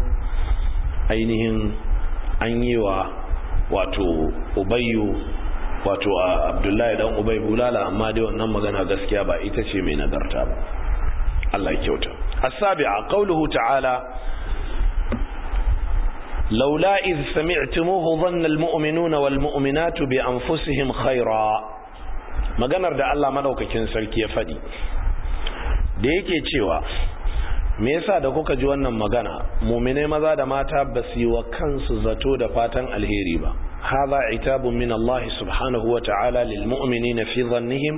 ainihin an yi wa wato Ubayu wato abdullahi dan ubai bulala amma dai wannan magana gaskiya ba ita ce mai nagarta ba Allah ya kyauta as-sabi'a qawluhu ta'ala laula idh sami'tumuhu dhanna al-mu'minuna bi anfusihim khaira maganar da Allah madaukakin sarki ya fadi da yake cewa me yasa da kuka ji wannan magana muminai maza da mata ba su yi wa kansu zato da fatan alheri ba hadha itabun min Allah subhanahu wa ta'ala lil mu'minina fi dhannihim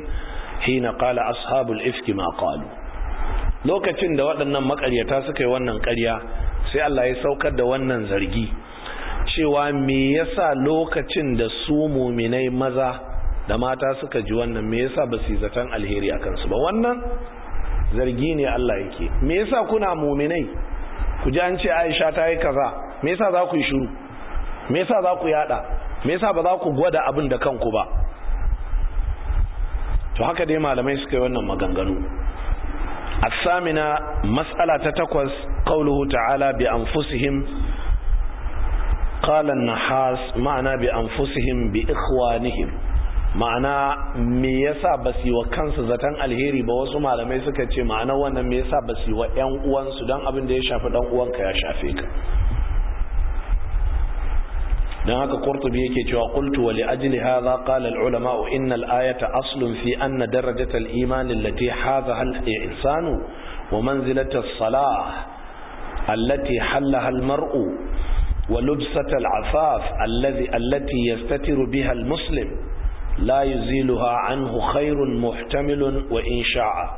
hina qala ashabul ifki ma qalu lokacin da waɗannan makaryata suka yi wannan ƙarya sai Allah ya saukar da wannan zargi cewa me yasa lokacin da su muminai maza da mata suka ji wannan me yasa ba su yi zaton alheri akan su ba wannan zargi ne Allah yake me yasa kuna muminai ku ji an ce Aisha ta yi kaza me yasa za ku yi shiru me yasa za ku yada me yasa ba za ku gwada abin da kanku ba to haka dai malamai suka yi wannan maganganu samina ta takwas ta'ala bi anfusihim qala an-nahas ma'ana bi anfusihim bi ikhwanihim ma'ana me yasa ba su wa kansu zaton alheri ba wasu malamai suka ce ma'ana wannan me yasa ba su wa ƴan uwansu don abin da ya shafi ɗan uwanka ya shafe ka don haka kurtubi yake cewa kultu wa li ajli hadha qala al ulama inna al ayata aslun fi anna darajata al iman haza hal insanu wa manzilata as salah allati halaha al mar'u wa lubsata al afaf allati yastatiru biha al muslim لا يزيلها عنه خير محتمل وإن شاء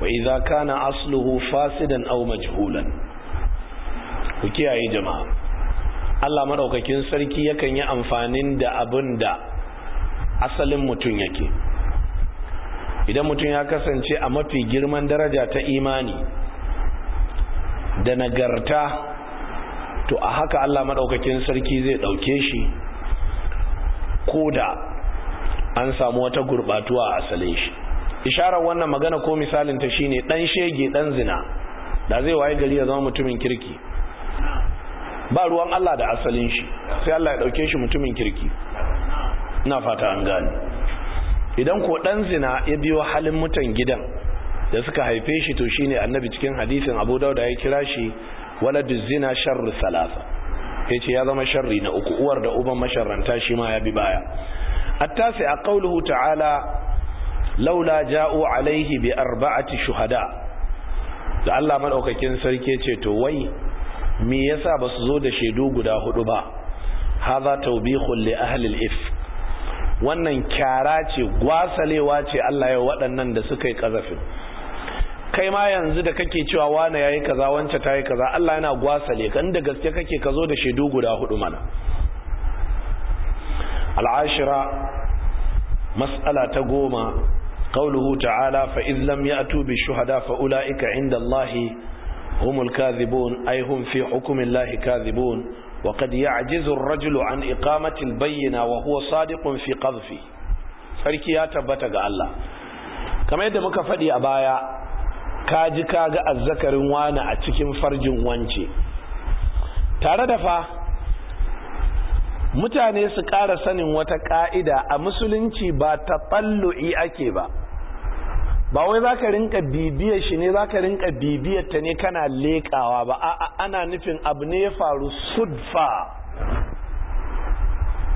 وإذا كان أصله فاسدا أو مجهولا وكي أي جماعة Allah maɗaukakin sarki yakan yi amfanin da abin da asalin mutum yake idan mutum ya kasance a mafi girman daraja ta imani da nagarta to a haka Allah maɗaukakin sarki zai ɗauke shi ko da an samu wata gurbatuwa a asalin shi isharar wannan magana ko misalin ta shine dan shege dan zina da zai waye gari ya zama mutumin kirki ba ruwan Allah da asalin shi sai Allah ya dauke shi mutumin kirki ina fata an gane idan ko dan zina ya biyo halin mutan gidan da suka haife shi to shine annabi cikin hadisin Abu Dawud ya kira shi waladu zina sharru salasa ya ce ya zama sharri na uku uwar da uban masharanta shi ma ya bi baya attasi a qauluhu ta'ala laula ja'u alaihi bi arba'ati shuhada da Allah madaukakin sarki ce to wai me yasa basu zo da shaidu guda hudu ba hadha tawbihun li ahli al if? wannan kyara ce gwasalewa ce Allah ya waɗannan da suka yi ƙazafin kai ma yanzu da kake cewa wane yayi kaza wance ta yi kaza Allah yana gwasale kan da gaske kake ka zo da shaidu guda hudu mana al'ashira mas'ala ta goma ƙauluhu ta'ala fa iz lam ya'tu shuhada fa ulaika inda Allah humul kadhibun ay hum fi hukmi Allah kadhibun wa qad ya'jizu rajulu an iqamati bayyana wa huwa sadiqun fi ƙarfi. sarki ya tabbata ga Allah kamar yadda muka faɗi a baya ka ji ka ga azzakarin wani a cikin farjin wance tare da fa mutane su ƙara sanin wata ƙa'ida a musulunci ba ta ɓallo'i ake ba ba wai za ka rinka bibiyar shi ne za ka rinka bibiyar ta ne kana leƙawa ba a ana nufin abu ne ya faru sudfa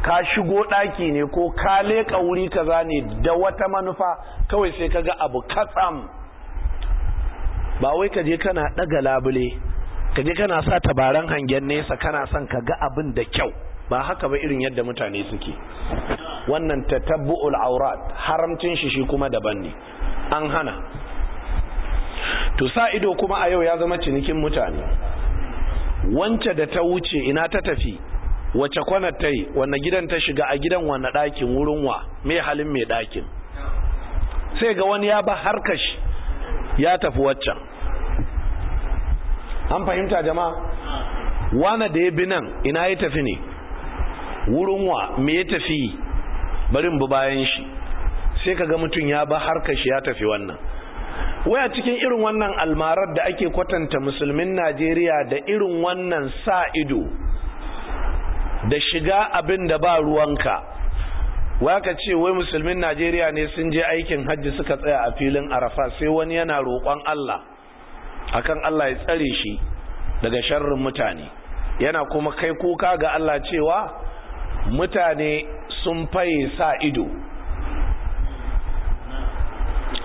ka shigo ɗaki ne ko ka leƙa wuri kaza ne da wata manufa kawai sai ka ga abu katsam ba wai ka je kana daga labule ka je kana sa tabaran hangen nesa kana son ka ga abin da kyau ba haka ba irin yadda mutane suke wannan tatabbu'ul aurat haramcin shi shi kuma daban ne an hana to sa ido kuma a yau ya zama cinikin mutane wance da ta wuce ina ta tafi wace kwana ta yi wanne gidan ta shiga a gidan wanne ɗakin wurin wa mai halin mai ɗakin sai ga wani ya ba harkashi shi ya tafi waccan an fahimta jama'a wane da ya bi nan ina ya tafi ne wurin wa me ya tafi barin bu bayan shi sai ka ga mutum ya ba harka shi ya tafi wannan waya cikin irin wannan almarar da ake kwatanta musulmin najeriya da irin wannan sa ido da shiga abin da ba ruwanka waka ce wai musulmin najeriya ne sun je aikin hajji suka tsaya a filin arafa sai wani yana roƙon allah akan allah ya tsare shi daga sharrin mutane yana kuma kai kuka ga allah cewa mutane sun faye sa ido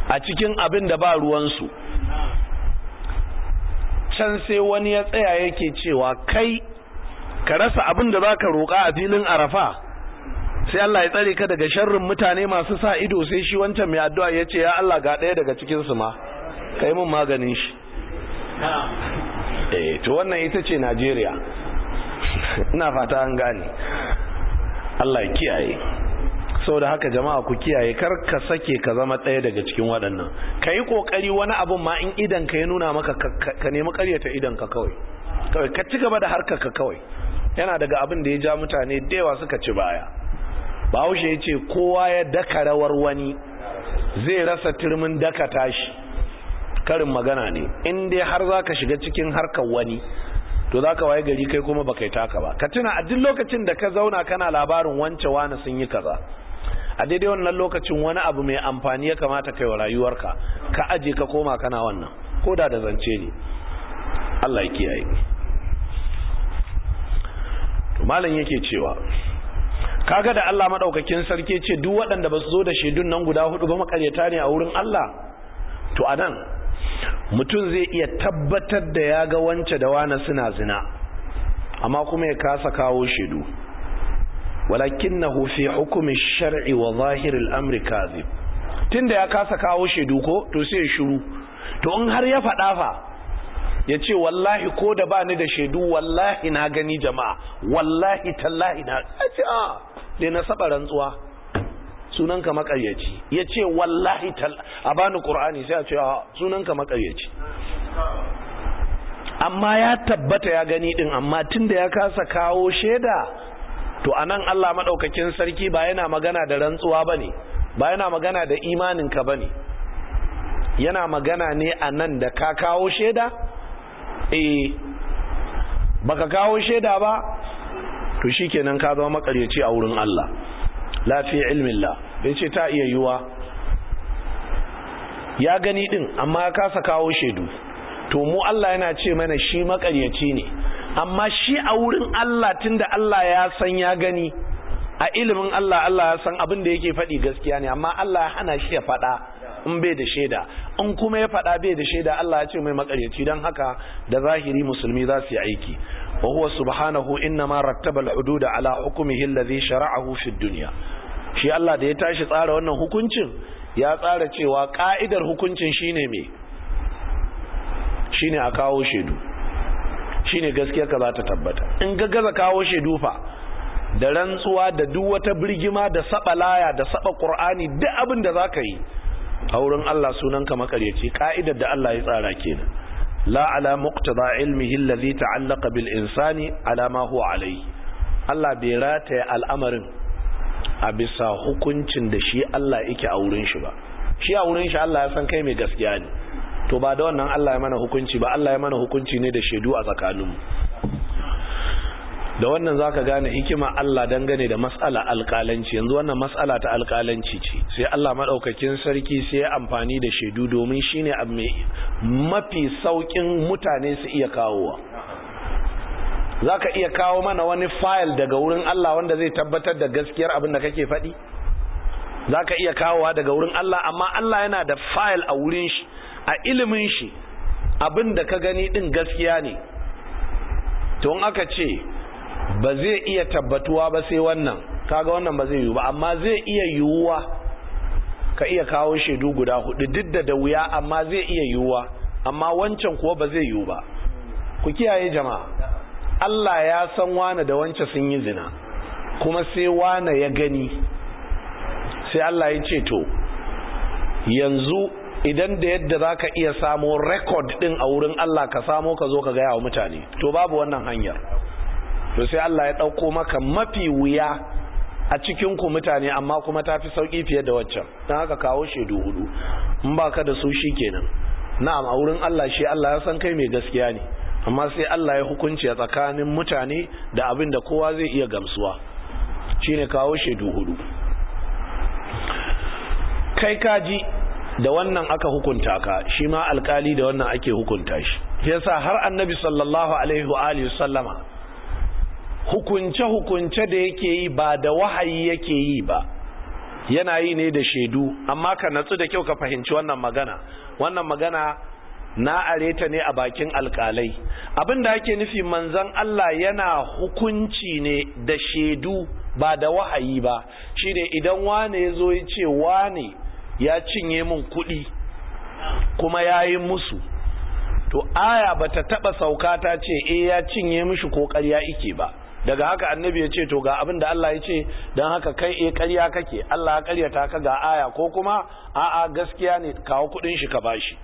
a cikin abin da ba ruwansu can sai wani ya tsaya yake cewa kai ka rasa abin da za ka roƙa a filin arafa sai Allah ya tsare ka daga sharrin mutane masu sa ido sai shi wancan mai addu'a ya ce ya Allah ga ɗaya daga cikin su ma kai mun maganin shi eh to wannan ita ce Najeriya [LAUGHS] ina fata an gane Allah ya kiyaye Sau da haka jama'a ku kiyaye kar ka sake ka zama ɗaya daga cikin waɗannan ka yi ƙoƙari wani abin ma in idan ka ya nuna maka ka nemi ƙaryata idan ka kawai kawai ka ci gaba da harkar ka kawai yana daga abin da ya ja mutane da yawa suka ci baya bahaushe ya ce kowa ya daka rawar wani zai rasa turmin daka tashi karin magana ne in dai har za ka shiga cikin harkar wani to za ka waye gari kai kuma ba kai taka ba ka tuna a duk lokacin da ka zauna kana labarin wance wani sun yi kaza a daidai wannan lokacin wani abu mai amfani ya kamata kai wa rayuwarka ka aje ka koma kana wannan ko da da zance ne Allah ya kiyaye malam yake cewa kaga da Allah madaukakin sarki ce duk waɗanda ba su zo da shaidun nan guda hudu ba makaryata ne a wurin Allah to anan mutum zai iya tabbatar da ya ga wance da wani suna zina amma kuma ya kasa kawo shaidu walakinahu fi hukumi shar'i wa zahiril amri kazib tunda ya kasa kawo shaidu ko to sai ya shiru to in har ya faɗa fa ya ce wallahi ko da ba ni da shaidu wallahi na gani jama'a wallahi tallahi na ce a ah, da na saba rantsuwa sunanka makayyaci ya ce wallahi a bani ƙur'ani sai a ce sunanka makayyaci amma ya tabbata ya gani din amma tunda ya kasa kawo shaida to a nan Allah maɗaukakin sarki ba yana magana da rantsuwa ba ne? ba yana magana da imaninka ne? yana magana ne a nan da ka kawo shaida eh. baka kawo shaida ba to shi shikenan ka zama makaryaci a wurin Allah Lafiya fi ilmin ce ta iya yiwa ya gani din amma ya kasa kawo shaidu to mu Allah yana ce mana shi makaryaci ne amma shi a wurin Allah tunda Allah ya san ya gani a ilimin Allah Allah ya san abin da yake faɗi gaskiya ne amma Allah ya hana shi ya faɗa in bai da shaida in kuma ya faɗa bai da shaida Allah ya ce mai makaryaci don haka da zahiri musulmi za su yi aiki وهو سبحانه إنما رتب الحدود على حكمه الذي شرعه في الدنيا shi Allah da ya tashi tsara wannan hukuncin ya tsara cewa ka'idar hukuncin shine me shine a kawo shedu shine gaskiya ka za ta tabbata in gaggaza kawo shedu fa da rantsuwa da duk wata birgima da saba laya da saba qur'ani duk abin da zaka yi a wurin Allah sunanka makaryaci ka'idar da Allah ya tsara kenan La'ala ala ilmi ilmihi alladhi ta'allaqa bil insani ala ma huwa Allah bai rataya al'amarin a bisa hukuncin da shi Allah yake a wurin shi ba shi a wurin shi Allah ya san kai mai gaskiya ne to ba da wannan Allah ya mana hukunci ba Allah ya mana hukunci ne da shaidu a tsakaninmu da wannan zaka gane hikima Allah dangane da mas'ala alƙalanci yanzu wannan mas'ala ta alƙalanci ce sai Allah madaukakin sarki sai ya amfani da shaidu domin shine ne mai mafi saukin mutane su iya kawowa zaka iya kawo mana wani fayil daga wurin Allah wanda zai tabbatar da gaskiyar abin da kake faɗi zaka iya kawowa daga wurin Allah amma Allah yana da fayil a wurin shi a ilimin shi abin da ka gani din gaskiya ne to aka ce ba zai iya tabbatuwa ba sai wannan kaga wannan ba zai yiwu ba amma zai iya yiwuwa ka iya kawo shaidu guda hudu duk da da wuya amma zai iya yiwuwa amma wancan kuwa ba zai yiwu ba ku kiyaye jama'a Allah ya san wane da wancan sun yi zina kuma sai wane ya gani sai Allah ya ce to yanzu idan da yadda za ka iya samo rekod din a wurin Allah ka samo ka zo ka gaya wa mutane to babu wannan hanyar to sai Allah ya ɗauko maka mafi wuya a cikin ku mutane amma kuma ta fi sauƙi fiye da waccan don haka kawo shaidu hudu in ba ka da su shi kenan na'am a wurin Allah shi Allah ya san kai mai gaskiya ne amma sai Allah ya hukunci a tsakanin mutane da abin da kowa zai iya gamsuwa shine kawo shaidu hudu kai kaji da wannan aka hukunta ka shi ma alkali da wannan ake hukunta shi yasa har annabi sallallahu alaihi wa alihi sallama hukunce-hukunce da yake yi ba da wahayi yake yi ba yana yi ne da shaidu amma ka natsu da kyau ka fahimci wannan magana wannan magana na areta ne a bakin alkalai abin da ake nufi manzan Allah yana hukunci ne da shaidu ba da wahayi ba shine idan wane ya zo ya ce wane ya cinye min kuɗi kuma ya yi musu to aya ba ta taɓa sauka ta ce e ya cinye mishi ko ƙarya ike ba daga haka annabi ya ce to ga abin da Allah ya ce don haka kai e ƙarya kake Allah ya ƙaryata ka ga aya ko kuma a'a gaskiya ne kawo kuɗin shi ka bashi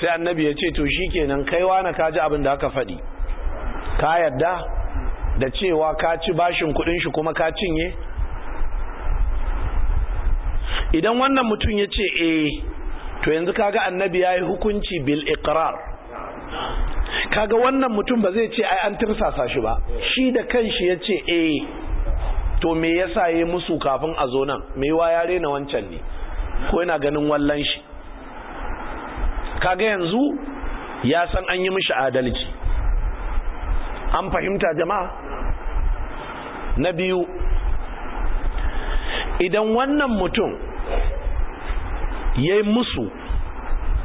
sai annabi ya ce to shikenan kai wane ka ji abin da aka faɗi ka yadda da cewa ka ci bashin kuɗin shi kuma ka cinye idan wannan mutum ya ce e to yanzu kaga annabi ya yi hukunci bil ikrar. kaga wannan mutum ba zai ce ai an tirsasa shi ba shi da kanshi ya ce eh to me yasa yayi musu kafin a zo nan me wa ya rena wancan ne ko yana ganin wallan shi kaga yanzu ya san an yi mishi adalci an fahimta jama'a na biyu idan wannan mutum ya yi musu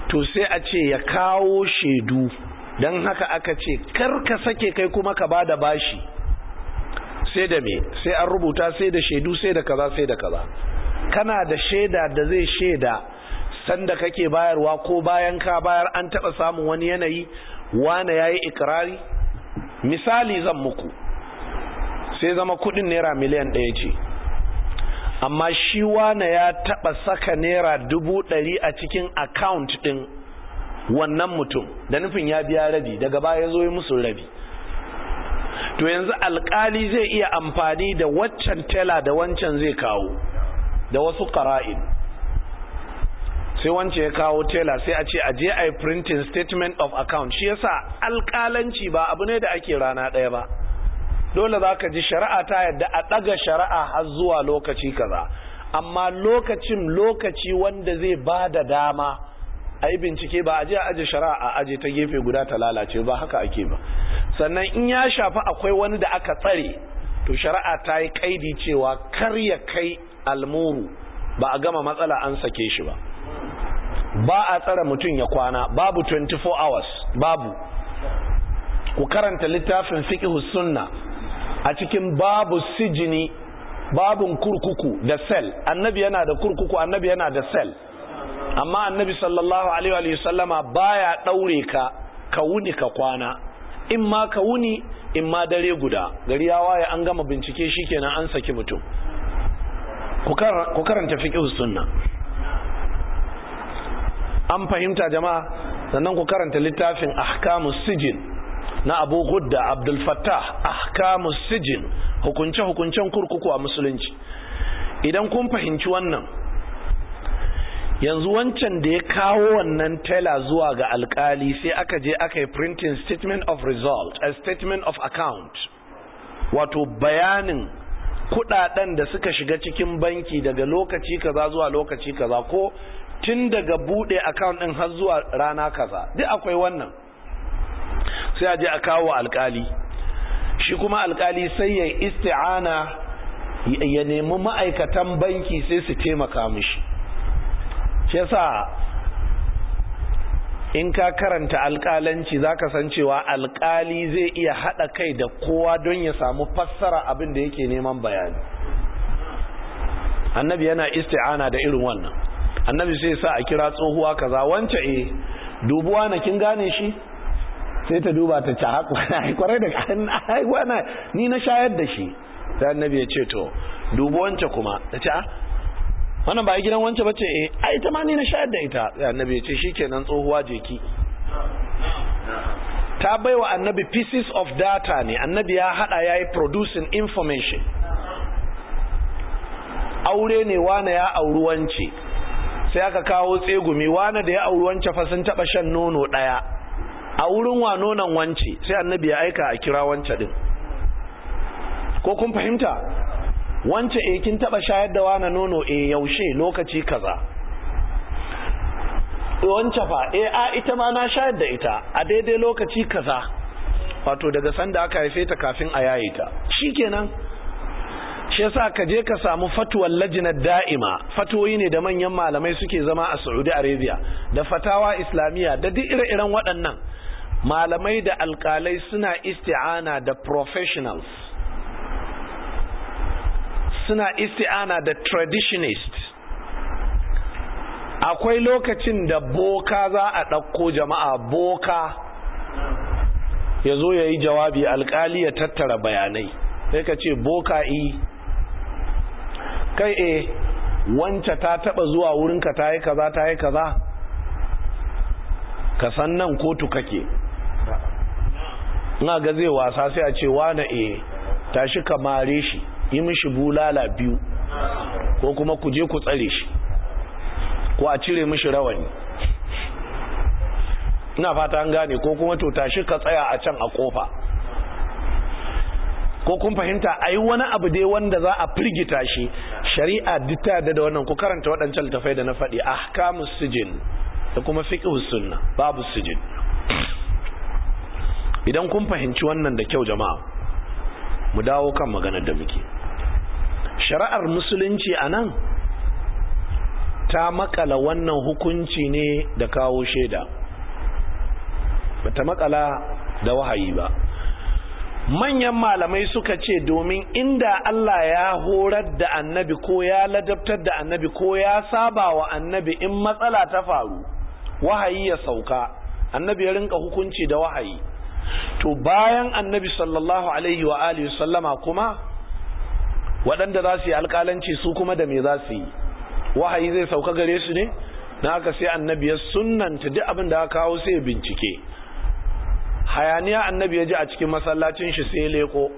to sai a ce ya kawo shaidu don haka aka ce kar ka sake kai kuma ka ba da bashi sai da me sai an rubuta sai da shaidu sai da kaza sai da kaza kana da shaida da zai shaida sanda kake bayarwa ko bayan ka bayar an taɓa samun wani yanayi wane yayi ikrari misali zan muku sai zama kudin naira miliyan ɗaya ce amma shi wane ya taɓa saka naira dubu ɗari a cikin account ɗin wannan mutum da nufin ya biya rabi daga baya ya zo ya musu rabi to yanzu alkali zai iya amfani da waccan tela da wancan zai kawo da wasu ƙara'in sai wancan ya kawo tela sai a ce a je a printing statement of account shi yasa alkalanci ba abu ne da ake rana ɗaya ba dole za ka ji shari'a ta yadda a ɗaga shari'a har zuwa lokaci kaza amma lokacin lokaci wanda zai ba da dama a yi bincike ba a je a aje shari'a a aje ta gefe guda ta lalace ba haka ake ba sannan in ya shafi akwai wani da aka tsare to shari'a ta yi kaidi cewa kar ya kai almuru ba a gama matsala an sake shi ba ba a tsare mutum ya kwana babu 24 hours babu ku karanta littafin fiqh sunna a cikin babu sijini babun kurkuku da sel annabi yana da kurkuku annabi yana da sel amma annabi sallallahu alaihi wa sallama baya daure ka ka wuni ka kwana in ma ka wuni in ma dare guda gari ya waye an gama bincike shikenan an saki mutum ku karanta fiqh sunna an fahimta jama'a sannan ku karanta littafin ahkamus sijin na Abu Gudda Abdul Fattah ahkamus sijin hukunce hukuncen kurkuku a musulunci idan kun fahimci wannan yanzu wancan da ya kawo wannan tela zuwa ga alkali sai aka je aka yi printing statement of result a statement of account wato bayanin kudaden da suka shiga cikin banki daga lokaci kaza zuwa lokaci kaza ko tun daga bude account din har zuwa rana kaza duk akwai wannan sai a je a kawo alkali shi kuma alkali sai ya isti'ana ya nemi ma'aikatan banki sai su taimaka mishi shi yasa in ka karanta alƙalanci zaka san cewa alƙali zai iya haɗa kai da kowa don ya samu fassara abin da yake neman bayani annabi yana isti'ana da irin wannan annabi sai sa a kira tsohuwa kaza wance eh dubuwa na kin gane shi sai ta duba ta ci haƙwana kwarai da haƙwana ni na shayar da shi ta annabi ya ce to dubu wancan kuma ta ce ah, wannan ba a gidan wance bace eh a ita ma ni na shayar da ita Ya annabi ya ce shi nan tsohuwa jeki ta baiwa annabi pieces of data ne annabi ya hada yi producing information aure ne wane ya auri wance sai aka kawo tsegumi wane da ya auri wance fa sun taba shan nono daya a wurin wa nonon wance sai annabi ya aika a kira wance din ko kun fahimta wance e kin taba shayar da wani nono e yaushe lokaci kaza wance fa e, a ita ma na shayar da ita a daidai lokaci kaza wato daga sanda aka haife ta kafin a yaye ta shikenan shi yasa ka je ka samu fatuwar lajinar da'ima fatoyi ne da manyan malamai suke zama a Saudi Arabia da fatawa islamiyya da duk ire-iren waɗannan malamai da alƙalai suna isti'ana da professionals suna isti'ana da traditionist akwai lokacin da boka za a ɗauko jama'a boka ya zo ya yi jawabi alkali ya tattara bayanai sai ka ce boka i kai e wance ta taɓa zuwa wurinka ta yi kaza ta yi kaza ka san nan kotu kake Ina ga zai wasa sai a ce wane e eh, ta tashi kamare shi yi mishi bulala biyu ko kuma ku je ku tsare shi ko a cire mishi rawani ina fata an gane ko kuma to tashi ka tsaya a can a kofa ko kun fahimta yi wani abu dai wanda za a firgita shi shari'a duk da da wannan ku karanta waɗancan littafai da na faɗi ahkamus sijin da kuma fiqhus sunna babu sijin idan kun fahimci wannan da kyau jama'a mu dawo kan maganar da muke shari'ar musulunci a nan ta makala wannan hukunci ne da kawo shaida ba ta makala da wahayi ba manyan malamai suka ce domin inda Allah ya horar da annabi ko ya ladabtar da annabi ko ya saba wa annabi in matsala ta faru wahayi ya sauka annabi ya rinka hukunci da wahayi to bayan annabi sallallahu alaihi wa alihi sallama kuma waɗanda za su yi alƙalanci su kuma da me za su yi wahayi zai sauka gare su ne na aka sai annabi ya ta duk abin da aka kawo ya bincike hayaniya annabi ya ji a cikin masallacin shi sai leko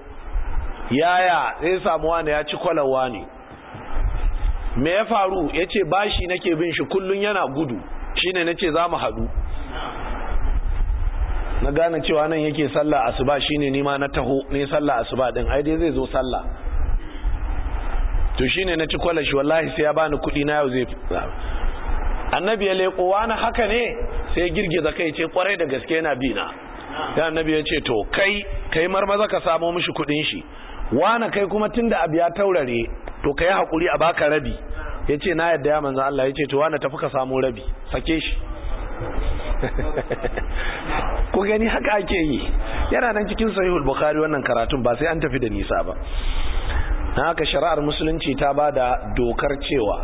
yaya zai samu wani ya ci kwalawa ne me ya faru ya ce bashi nake bin shi kullum yana gudu shine nace za mu haɗu na gane cewa nan yake sallah asuba shine nima na taho ne sallah asuba din ai dai zai zo sallah to shine na ci kwalashi wallahi sai ya bani kuɗi na yau zai annabi ya leƙo wani haka ne sai ya girgiza kai ce kwarai da gaske yana bi na ya annabi ya ce to kai kai marmaza ka samo mishi kuɗin shi wani kai kuma tun da abu ya taurare to kai hakuri a baka rabi ya ce na yadda ya manzan Allah ya ce to wani tafi ka samo rabi sake shi [LAUGHS] ku gani haka ake yi yana nan cikin sahihul bukhari wannan karatun ba sai an tafi da nisa ba na haka shari'ar musulunci ta ba da dokar cewa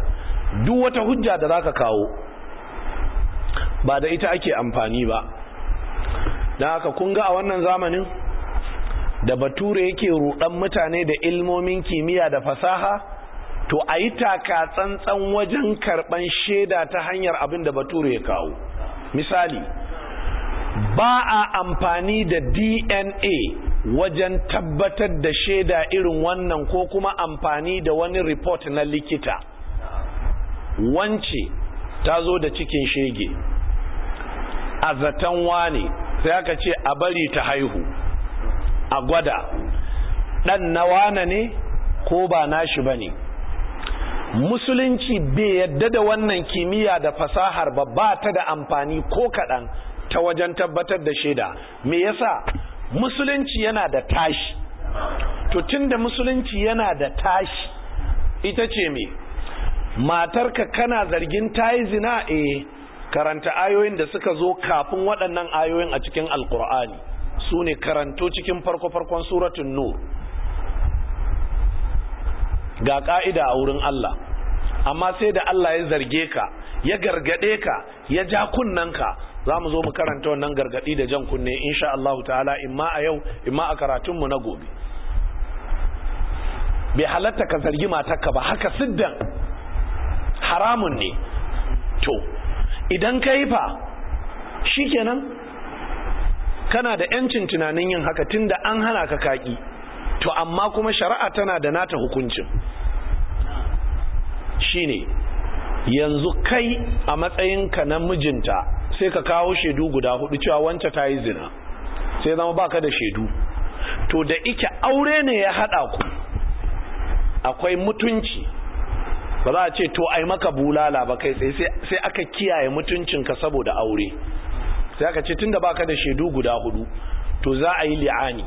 duk wata hujja da za ka kawo ba da ita ake amfani ba na haka kunga a wannan zamanin da bature yake rudan mutane da ilmomin kimiyya da fasaha to a yi taka tsantsan wajen karban shaida ta hanyar abin da bature ya kawo misali ba a amfani da dna wajen tabbatar da shaida irin wannan ko kuma amfani da wani report na likita wance ta zo da cikin shege a zaton wane sai aka ce a bari ta haihu a gwada ɗan na wane ne ko ba nashi ba ne musulunci bai yadda da wannan kimiyya da fasahar ba ba ta da amfani ko kaɗan ta wajen tabbatar da shaida me yasa musulunci yana da tashi to tunda musulunci yana da tashi ita ce me matarka kana zargin tayi zina eh karanta ayoyin da suka zo kafin waɗannan ayoyin a cikin alkur'ani su ne karanto cikin farko-farkon suratun nur ga ƙa'ida a wurin Allah amma sai da Allah ya zarge ka ya gargade ka ya ja kunnanka za mu zo mu karanta wannan gargadi da jan kunne insha Allah ta'ala imma a yau imma a karatun mu na gobe bai halatta ka zargi matarka ba haka siddan haramun ne to idan ka yi fa shikenan kana da yancin tunanin yin haka tunda an hana ka kaki to amma kuma shari'a tana da nata hukuncin shine yanzu kai a matsayinka na mijinta sai ka kawo shaidu guda hudu cewa wance ta yi zina sai zama baka da shaidu to da ike aure ne ya hada ku akwai mutunci ba za a ce to ai maka bulala ba kai sai sai aka kiyaye mutuncinka saboda aure sai aka ce tunda baka da shaidu guda hudu to za a yi li'ani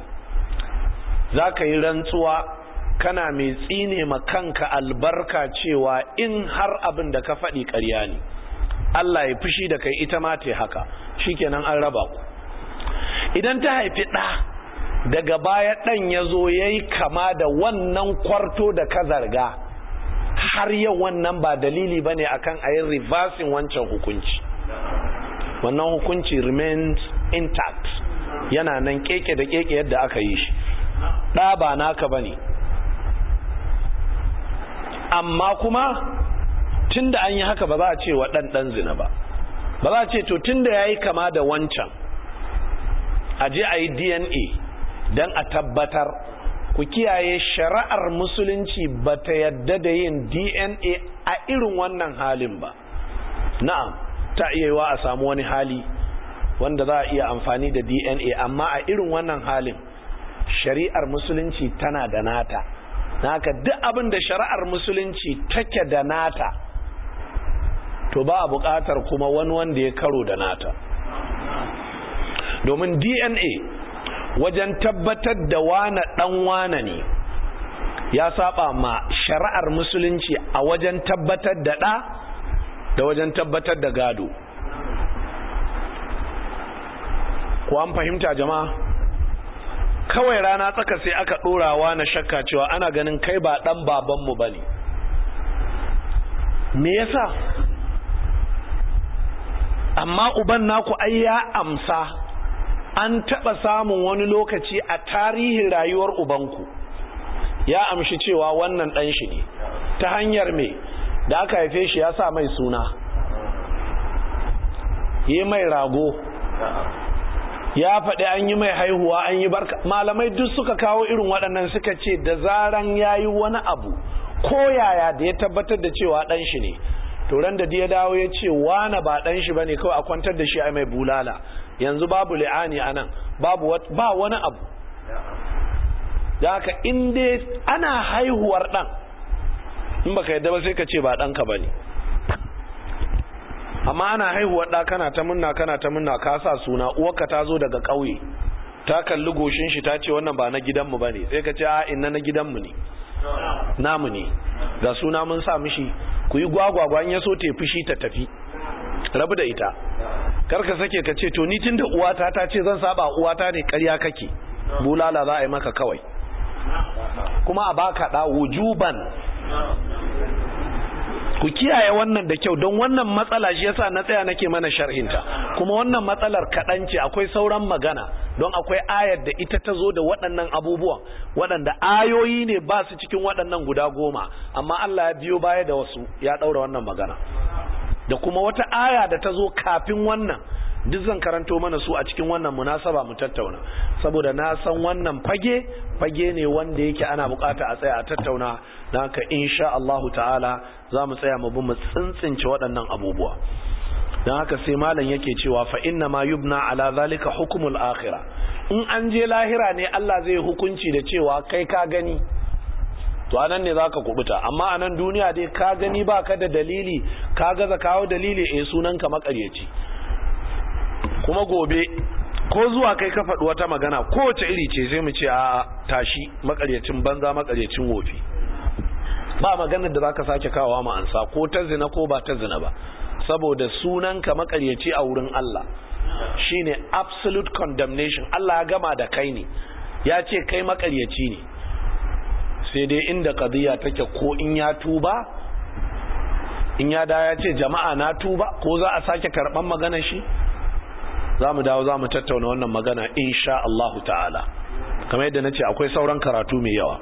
za ka yi rantsuwa kana mai tsine ma kanka albarka cewa in har abin da ka faɗi ƙarya ne Allah ya fushi da kai ita ma ta haka shikenan an raba ku idan ta haifi ɗa daga baya ɗan ya zo ya yi kama da wannan kwarto da ka zarga har yau wannan ba dalili ba akan a kan yi reversing wancan hukunci wannan hukunci remains intact yana nan keke da keke yadda aka yi shi ɗa ba naka ba ne amma kuma tunda an yi haka ba za a ce waɗanɗan zina ba ba za a ce to tunda yi kama da wancan a je a yi DNA dan a tabbatar ku kiyaye shari'ar musulunci ba ta yadda da yin DNA a irin wannan halin ba na'am ta iya wa a samu wani hali wanda za a iya amfani da DNA amma a irin wannan halin shari'ar musulunci tana da nata naka duk abin da shari'ar musulunci take da nata to ba a buƙatar kuma wani wanda ya karo da nata domin dna wajen tabbatar da wane ɗan wane ne ya saba ma shari'ar musulunci a wajen tabbatar da ɗa da wajen tabbatar da gado Ku an fahimta jama'a kawai rana tsaka sai aka ɗorawa na shakka cewa ana ganin kai ba ɗan babanmu ba ne me yasa amma uban naku ai ya amsa an taɓa samun wani lokaci a tarihin rayuwar ubanku ya amshi cewa wannan ɗan shi ne ta hanyar me da aka haife shi ya sa mai suna yi mai rago ya faɗi an yi mai haihuwa an yi barka malamai duk suka kawo irin waɗannan suka ce da zaran ya yi wani abu ko yaya da ya tabbatar da cewa ɗan shi ne turan da ya dawo ya ce wane ba dan shi bane kawai a kwantar da shi a mai bulala yanzu babu li'ani anan babu ba wani abu da haka in dai ana haihuwar dan in baka yadda ba sai ka ce ba dan ka bane amma ana haihuwar da kana ta munna kana ta munna ka sa suna uwarka ta zo daga ƙauye ta kalli goshin shi ta ce wannan ba na gidanmu bane sai ka ce a inna na gidanmu ne namu ne ga suna mun sa mishi ku yi gwagwagwa in ya so ta fushi ta tafi rabu da ita karka sake ka ce to ni tunda uwata ta ce zan saba uwata ne karya kake bulala za a yi maka kawai kuma a baka da wujuban ku kiyaye wannan da kyau don wannan matsala shi yasa na tsaya nake mana sharhinta kuma wannan matsalar kaɗan ce akwai sauran magana don akwai ayar da ita ta zo da waɗannan abubuwan waɗanda ayoyi ne ba su cikin waɗannan guda goma amma Allah ya biyo baya da wasu ya ɗaura wannan magana da kuma wata aya da ta zo kafin wannan duk zan karanto mana su a cikin wannan munasaba mu tattauna saboda na san wannan fage fage ne wanda yake ana bukata a tsaya a tattauna don in insha Allah ta'ala za mu tsaya mu bi mu tsintsince waɗannan abubuwa don haka sai malam yake cewa fa inna ma yubna ala zalika hukumul akhira in an je lahira ne Allah zai hukunci da cewa kai ka gani to anan ne zaka kubuta amma anan duniya dai ka gani baka da dalili ka gaza kawo dalili eh sunan ka makaryaci kuma gobe ko zuwa kai ka faɗi wata magana kowace iri ce sai mu ce a tashi makaryacin banza makaryacin wofi ba maganar da zaka sake kawowa ma ansa ko ta zina ko ba ta zina ba saboda sunan ka makaryaci a wurin Allah shine absolute condemnation Allah ya gama da kai ne ya ce kai makaryaci ne sai dai inda kadiya take ko in ya tuba in ya da ya ce jama'a na tuba ko za a sake karban maganar shi za mu dawo za mu tattauna wannan magana insha Allah ta'ala kamar yadda na ce akwai sauran karatu mai yawa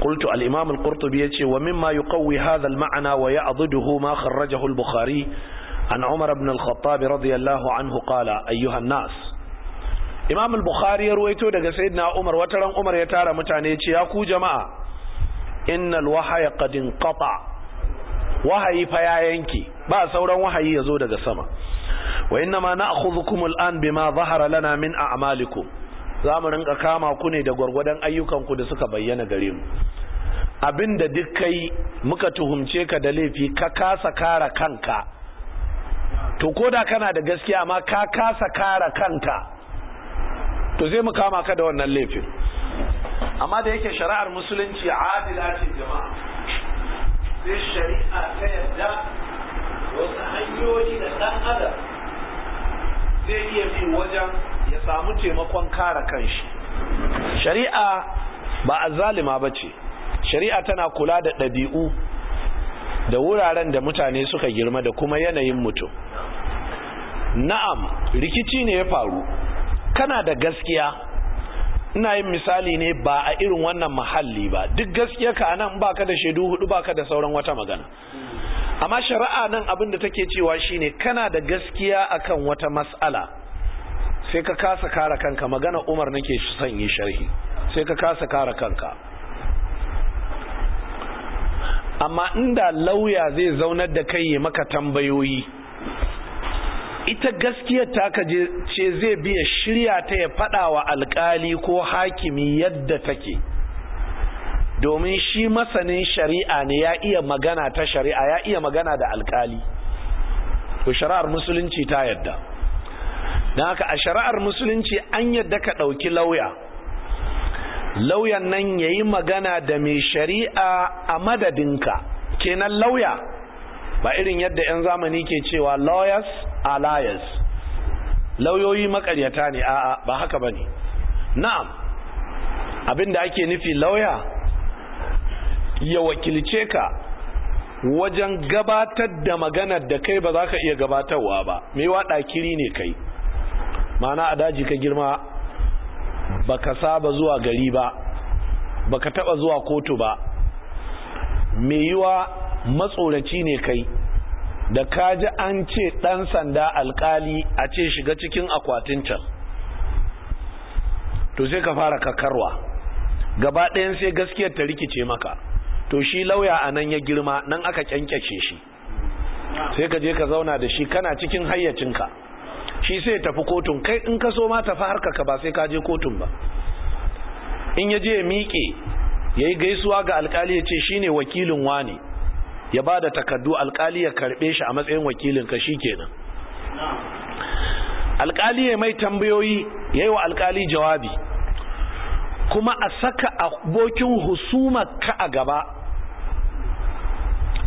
قلت الإمام القرطبي يتي ومما يقوي هذا المعنى ويعضده ما خرجه البخاري عن عمر بن الخطاب رضي الله عنه قال أيها الناس إمام البخاري رويته دقى سيدنا عمر وترى عمر يتارى متعني يا كو جماعة إن الوحي قد انقطع wahayi fa ya yanke ba sauran wahayi ya zo daga sama wa inna ma na'khudhukum al'an bima zahara lana min a'malikum za mu rinka kama ku ne da gwargwadon ku da suka bayyana gare mu abinda duk kai muka tuhumce ka da laifi ka kasa kara kanka to koda kana da gaskiya amma ka kasa kara kanka to zai mu kama ka da wannan laifin amma da yake shari'ar musulunci adila ce jama'a sai shari'a ta yadda wasu hanyoyi da ɗan adam zai iya bi wajen ya samu taimakon kare kanshi shari'a ba a zalima ba ce shari'a tana kula da ɗabi'u da wuraren da mutane suka girma da kuma yanayin mutum na'am rikici ne ya faru kana da gaskiya ina yin misali ne ba a irin wannan mahalli ba duk gaskiya ka nan ba ka da shaidu hudu ka da sauran wata magana amma shari'a nan abin da take cewa shine kana da gaskiya akan wata mas'ala sai ka kasa kare kanka magana Umar nake son yi sharhi sai ka kasa kare kanka amma inda lauya zai zaunar da kai maka tambayoyi ita gaskiya ta kaje ce zai biya shirya ta ya fada wa alkali ko hakimi yadda take domin shi masanin shari'a ne ya iya magana ta shari'a ya iya magana da alkali to shari'ar musulunci ta yadda don haka a shari'ar musulunci an yadda ka ɗauki lauya lauyan nan ya yi magana da mai shari'a a madadinka kenan lauya ba irin yadda 'yan zamani ke cewa lawyers alayas lauyoyi makaryata ne a'a ba haka bane na'am abinda ake nufi lauya ya wakilce ka wajen gabatar da maganar da kai ba za ka iya gabatarwa ba mai wada kiri ne kai mana a daji ka girma ba ka saba zuwa gari ba ka taba zuwa kotu ba mai yiwa matsoraci ne kai da kaji an ce ɗan sanda alkali a ce shiga cikin akwatin can to sai ka fara kakarwa gaba ɗayan sai gaskiyar ta rikice maka to shi lauya a nan ya girma nan aka kyankyashe shi sai ka je ka zauna da shi kana cikin hayyacinka shi sai tafi kotun kai in ka so ma tafi harkaka ba sai ka je kotun ba in ya je ya miƙe ya yi gaisuwa ga alkali ya ce shi ne wakilin wane ya ba da takardu alkali ya karbe shi a matsayin wakilin ka shi shikenan alkali ya mai tambayoyi yayi wa alkali jawabi kuma a saka abokin husuma ka a gaba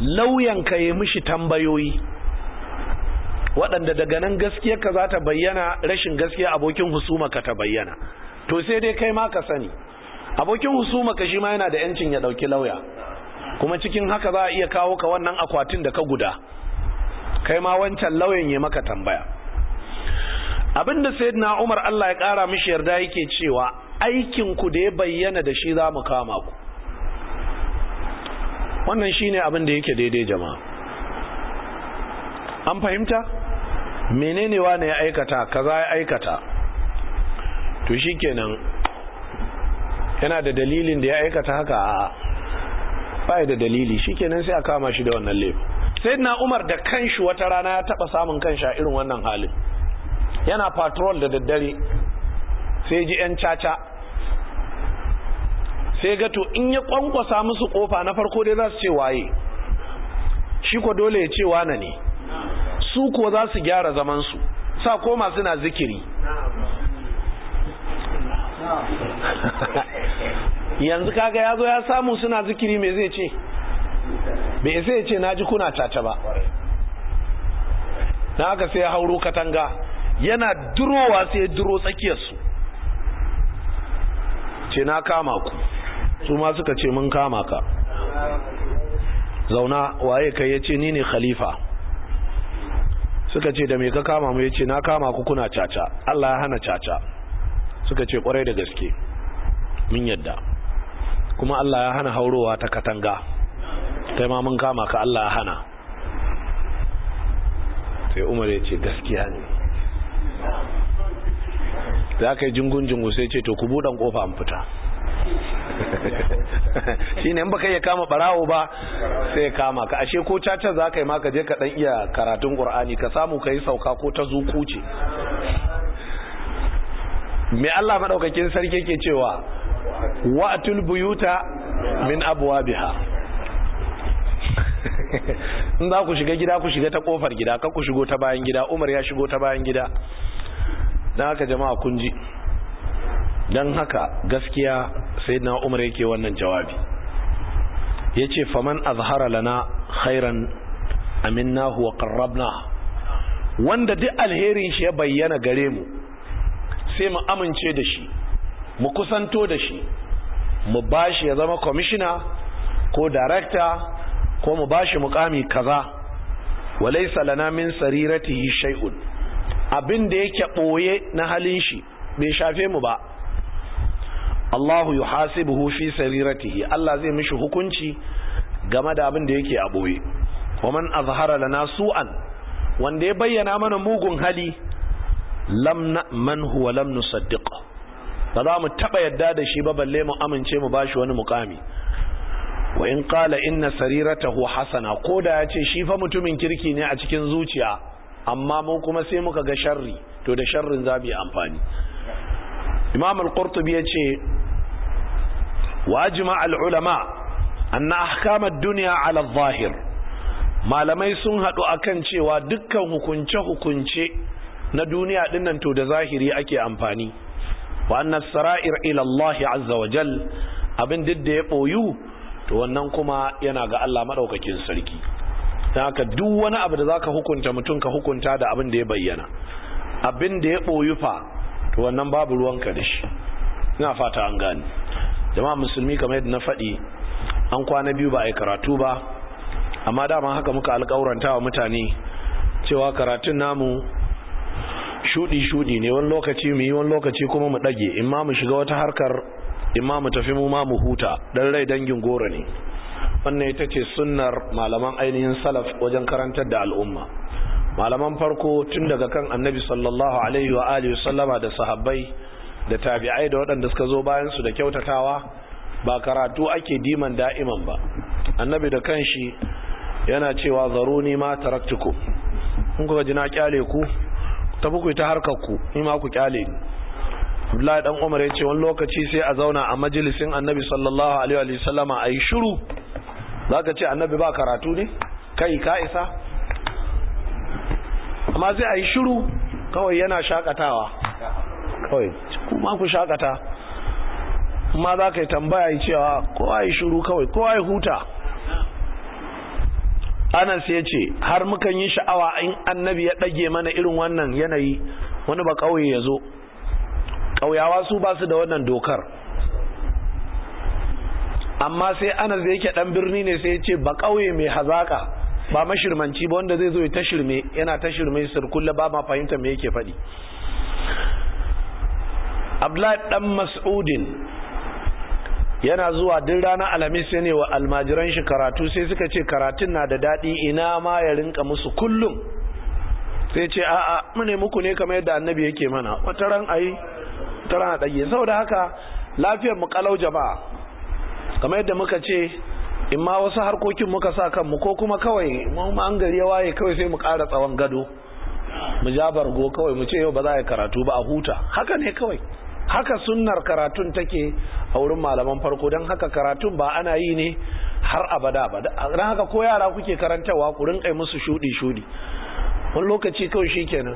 lauyan ka yi mishi tambayoyi waɗanda daga nan ka za ta bayyana rashin gaskiya abokin husuma ka ta bayyana to sai dai kai ma ka sani abokin husuma ka shi ma yana da yancin ya ɗauki lauya kuma cikin haka za a iya kawo ka wannan akwatin da ka guda kai ma wancan lauyan ya maka tambaya Abinda sayyidina Umar Allah ya kara mishi yarda yake cewa aikin ku da ya bayyana da shi za mu kama ku wannan shine abin da yake daidai jama'a an fahimta menene wane ya aikata kaza ya aikata to shikenan yana da dalilin da ya aikata haka a'a. ba da dalili shikenan sai a kama shi da wannan laifin sai na umar da kanshi wata rana ya taba samun kanshi a irin wannan halin yana patrol da daddare sai ji yan caca sai gato in ya kwankwasa musu kofa na farko dai za su ce waye shi ko dole ya ce wane ne su kuwa za su gyara zamansu sa ko masu na zikiri [LAUGHS] yanzu kaga ya zo ya samu suna zikiri me zai ce mai zai ce na ji kuna caca ba na aka sai ya hauro katanga yana durowa sai ya duro tsakiyarsu ce na kama ku su ma suka ce mun kama ka zauna waye kai ya ce ni ne khalifa suka ce da me ka kama mu ya ce na kama ku kuna caca Allah ya hana caca suka ce kwarai da gaske mun yadda kuma Allah ya hana haurowa ta katanga kai ma mun kama ka Allah ya hana sai Umar ya ce gaskiya ne za ka yi jingun jingu sai ce to ku budan ƙofa an fita [LAUGHS] shi ne ba baka iya kama barawo ba sai ya kama ka ashe ko caca za ka yi maka je ka ɗan iya karatun ƙur'ani ka samu ka yi sauka ko ta zuku ce mai Allah maɗaukakin sarki ke cewa wa'atul buyuta min abwabiha [LAUGHS] in za ku shiga gida ku shiga ta kofar gida ka ku shigo ta bayan gida Umar ya shigo ta bayan gida dan haka jama'a kun ji dan haka gaskiya sayyidina Umar yake wannan jawabi yace faman azhara lana khairan aminnahu wa qarrabna wanda duk alherin shi ya bayyana gare mu sai mu amince da shi mu kusanto da shi mu ba shi ya zama kwamishina ko darakta ko mu ba shi mukami kaza walaisa lana min sariratihi shay'un abin da yake boye na halin shi bai shafe mu ba Allahu yuhasibuhu fi sariratihi Allah zai mishi hukunci game da abin da yake a boye waman azhara lana su'an wanda ya bayyana mana mugun hali lam manhu wa lam nusaddiqhu ba za mu taɓa yadda da shi ba balle mu amince mu bashi wani mukami wa in qala inna sariratahu hasana ko da ya ce shi fa mutumin kirki ne a cikin zuciya amma mu kuma sai muka ga sharri to da sharrin za mu yi amfani imam al-qurtubi ya ce wa al-ulama anna ahkam ad-dunya ala adh-dhahir malamai sun hadu akan cewa dukkan hukunce hukunce na duniya dinnan to da zahiri ake amfani wa annas sara'ir ila Allah azza wa jal abin didda ya boyu to wannan kuma yana ga Allah madaukakin sarki dan haka duk wani abu da zaka hukunta mutun ka hukunta da abin da ya bayyana abin da ya boyu fa to wannan babu ruwan ka shi ina fata an gane jama'a musulmi kamar yadda na faɗi an kwana biyu ba a yi karatu ba amma dama haka muka alƙawuranta wa mutane cewa karatun namu shudi-shudi ne wani lokaci mu yi wani lokaci kuma mu ɗage imma mu shiga wata harkar imma mu tafi mu ma mu huta dan rai dangin goro ne wannan ita ce sunnar malaman ainihin salaf wajen karantar da al'umma malaman farko tun daga kan annabi sallallahu alaihi wa alihi sallama da sahabbai da tabi'ai da waɗanda suka zo bayan su da kyautatawa ba karatu ake diman da'iman ba annabi da kanshi yana cewa zaruni ma taraktukum kun ga jina kyale ku Ta buku ta harkar ku ni ma ku kyale ni Abdullahi dan Umar ya ce wani lokaci sai a zauna a majalisin Annabi sallallahu alaihi wa sallama ayi shiru zaka ce Annabi ba karatu ne kai ka isa amma sai ayi shiru kawai yana shakatawa kawai kuma ku shakata amma zaka yi tambaya cewa kowa yi shiru kawai kowa yi huta anas ya ce har mukan yi sha'awa in annabi ya ɗage mana irin wannan yanayi wani ba ƙauye ya zo ƙauyawa su ba su da wannan dokar amma sai anas da yake ɗan birni ne sai ya ce ba ƙauye mai hazaƙa ba mashirmanci ba wanda zai zo ya tashirme yana tashirme sirkulla ba ma fahimta me yake faɗi abdullahi ɗan mas'udin yana zuwa duk ranar alhamis ne wa almajiran shi karatu sai suka ce karatun na da daɗi ina ma ya rinka musu kullum sai ce a'a mune muku ne kamar yadda annabi yake mana wata ran ayi ta ran ɗage saboda haka lafiyar mu kalau jama'a kamar yadda muka ce in ma wasu harkokin muka sa kanmu ko kuma kawai mu an gari ya waye kawai sai mu ƙara tsawon gado mu ja bargo kawai mu ce yau ba za a yi karatu ba a huta haka ne kawai haka sunnar karatun take a wurin malaman farko don haka karatun ba ana yi ne har abada ba don haka ko yara kuke karantarwa ku rinkai musu shudi-shudi wani lokaci kawai shi kenan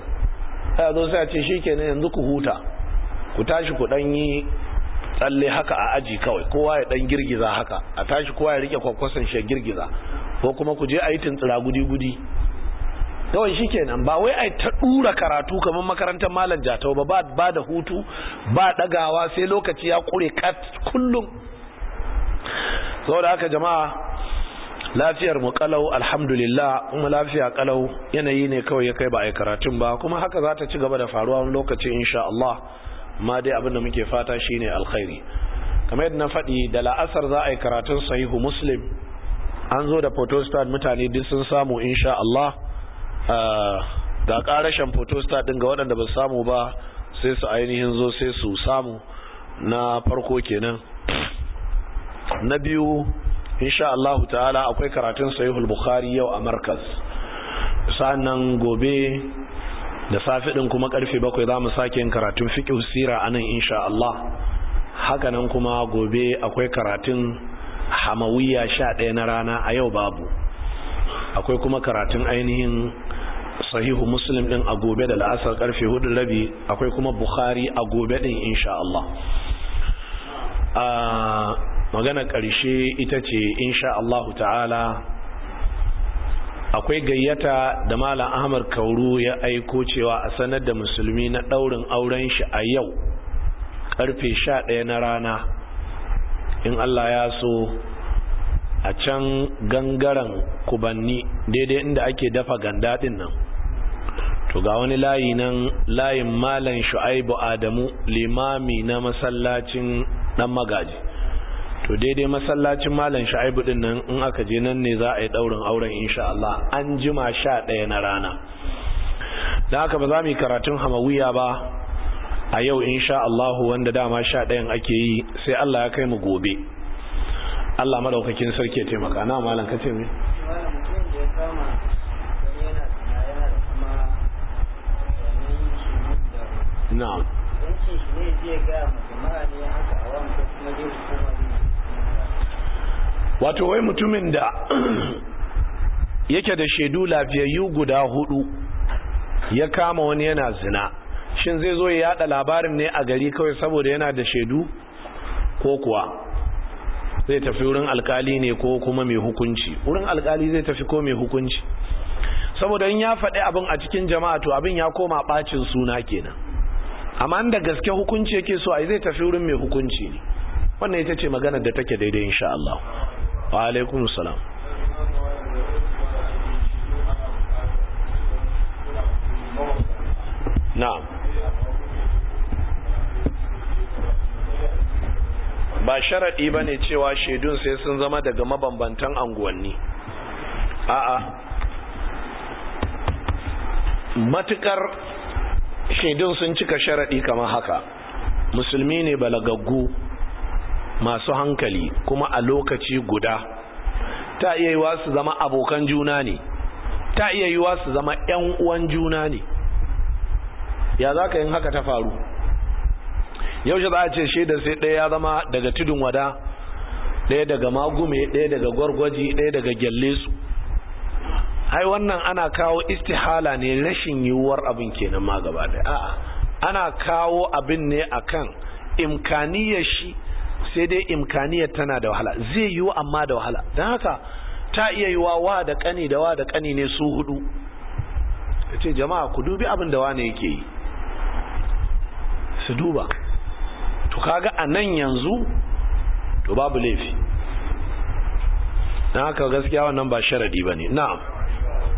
ya zo sai a ce shi yanzu ku huta ku tashi ku ɗan yi tsalle haka a aji kawai kowa ya ɗan girgiza haka a tashi kowa ya rike kwakwasan shi girgiza ko kuma ku je a yi tuntura gudi-gudi kawai shi kenan ba wai a ta dura karatu kamar makarantar malam jatau ba ba da hutu ba dagawa sai lokaci ya kure kat kullum da haka jama'a lafiyar mu kalau alhamdulillah kuma lafiya kalau yanayi ne kawai ya kai ba a yi karatun ba kuma haka za ta ci gaba da faruwa wani lokaci insha Allah amma dai abin da muke fata shine alkhairi kamar yadda na faɗi da la'asar za a yi karatun sahihu muslim an zo da photostat mutane duk sun samu insha Allah Ah, ga karashen photostat ɗin ga waɗanda ba samu ba sai su ainihin zo sai su samu na farko kenan na biyu insha Allah ta'ala akwai karatun sahihul bukhari yau a markaz sannan gobe da safe din kuma karfe 7 zamu sake yin karatun fiqh sirra anan insha Allah haka nan kuma gobe akwai karatun hamawiya 11 na rana a yau babu akwai kuma karatun ainihin sahihu muslim din a gobe da la'asar karfe hudun rabi akwai kuma bukhari a gobe din insha Allah a magana karshe ita ce insha Allah ta'ala akwai gayyata da malam ahmad kauru ya aiko cewa a sanar da musulmi na daurin auren shi a yau karfe sha 11 na rana in Allah ya so a can gangaren kubanni daidai inda ake dafa ganda din nan to ga wani layi nan layin malan shu'aibu adamu limami na masallacin dan magaji to daidai masallacin malan shu'aibu din nan in aka je nan ne za a yi daurin auren insha Allah an jima sha ɗaya na rana da haka ba za mu yi karatun hamawiya ba a yau insha Allah wanda dama sha ɗayan ake yi sai Allah ya kai mu gobe Allah madaukakin sarki ya taimaka na malan ce me wato wai mutumin da [CLEARS THROAT] yake da shaidu lafiyayyu guda hudu ya kama wani yana zina shin zai zo ya yada labarin ne a gari kawai saboda yana da shaidu ko kuwa zai tafi wurin alkali ne ko kuma mai hukunci wurin alkali zai tafi ko mai hukunci saboda in ya faɗi abin a cikin jama'a to abin ya koma ɓacin suna kenan amma da gaske hukunci yake so ai zai tafi wurin mai hukunci ne wannan ita ce magana da take daidai insha Allah wa alaikum salam na'am ba sharaɗi bane cewa shaidun sai sun zama daga mabambantan anguwanni a'a matukar shaidun sun cika sharaɗi kamar haka musulmi ne balagaggu masu hankali kuma a lokaci guda ta iya yiwa su zama abokan juna ne ta iya yiwa su zama 'yan uwan juna ne ya za ka yin haka ta faru yaushe za a ce shaidar sai ɗaya ya zama daga tudun wada ɗaya daga magume ɗaya daga gwargwaji ɗaya daga gyalle su ai wannan ana kawo istihala ne rashin yiwuwar abin kenan ma gaba da a'a ana kawo abin ne akan imkaniyar shi sai dai imkaniyar tana da wahala zai yiwu amma da wahala don haka ta iya yiwa wa da kani da wa da kani ne su hudu ce jama'a ku dubi abin da wane yake yi su duba to kaga a nan yanzu to babu laifi don haka gaskiya wannan ba sharadi ba ne na'am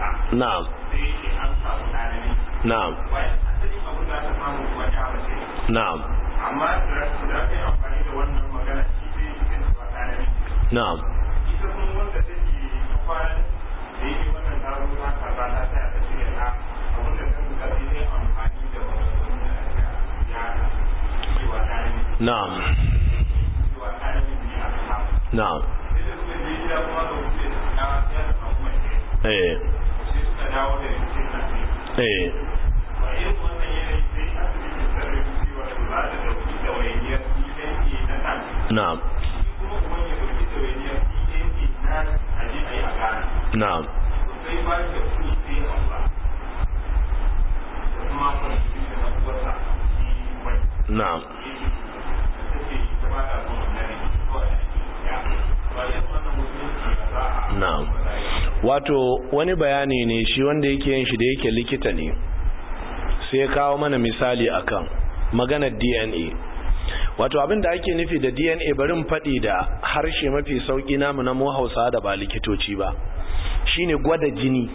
na'am na'am na'am amma da ta amfani da wannan magana shi na'am ita wanda da yake wannan taro ta shirya abin da zai amfani da wannan na'am na'am ita kuma kuma wuce ya ta eh dawo da na na na a a wato wani bayani ne shi wanda yake yin shi da yake likita ne sai kawo mana misali akan maganar dna wato abin da ake nufi da dna barin faɗi da harshe mafi sauƙi namu na mu hausa da ba likitoci ba shine gwada jini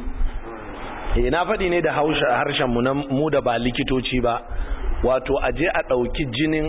eh, na faɗi ne da harshen mu da ba likitoci ba wato a je a ɗauki jinin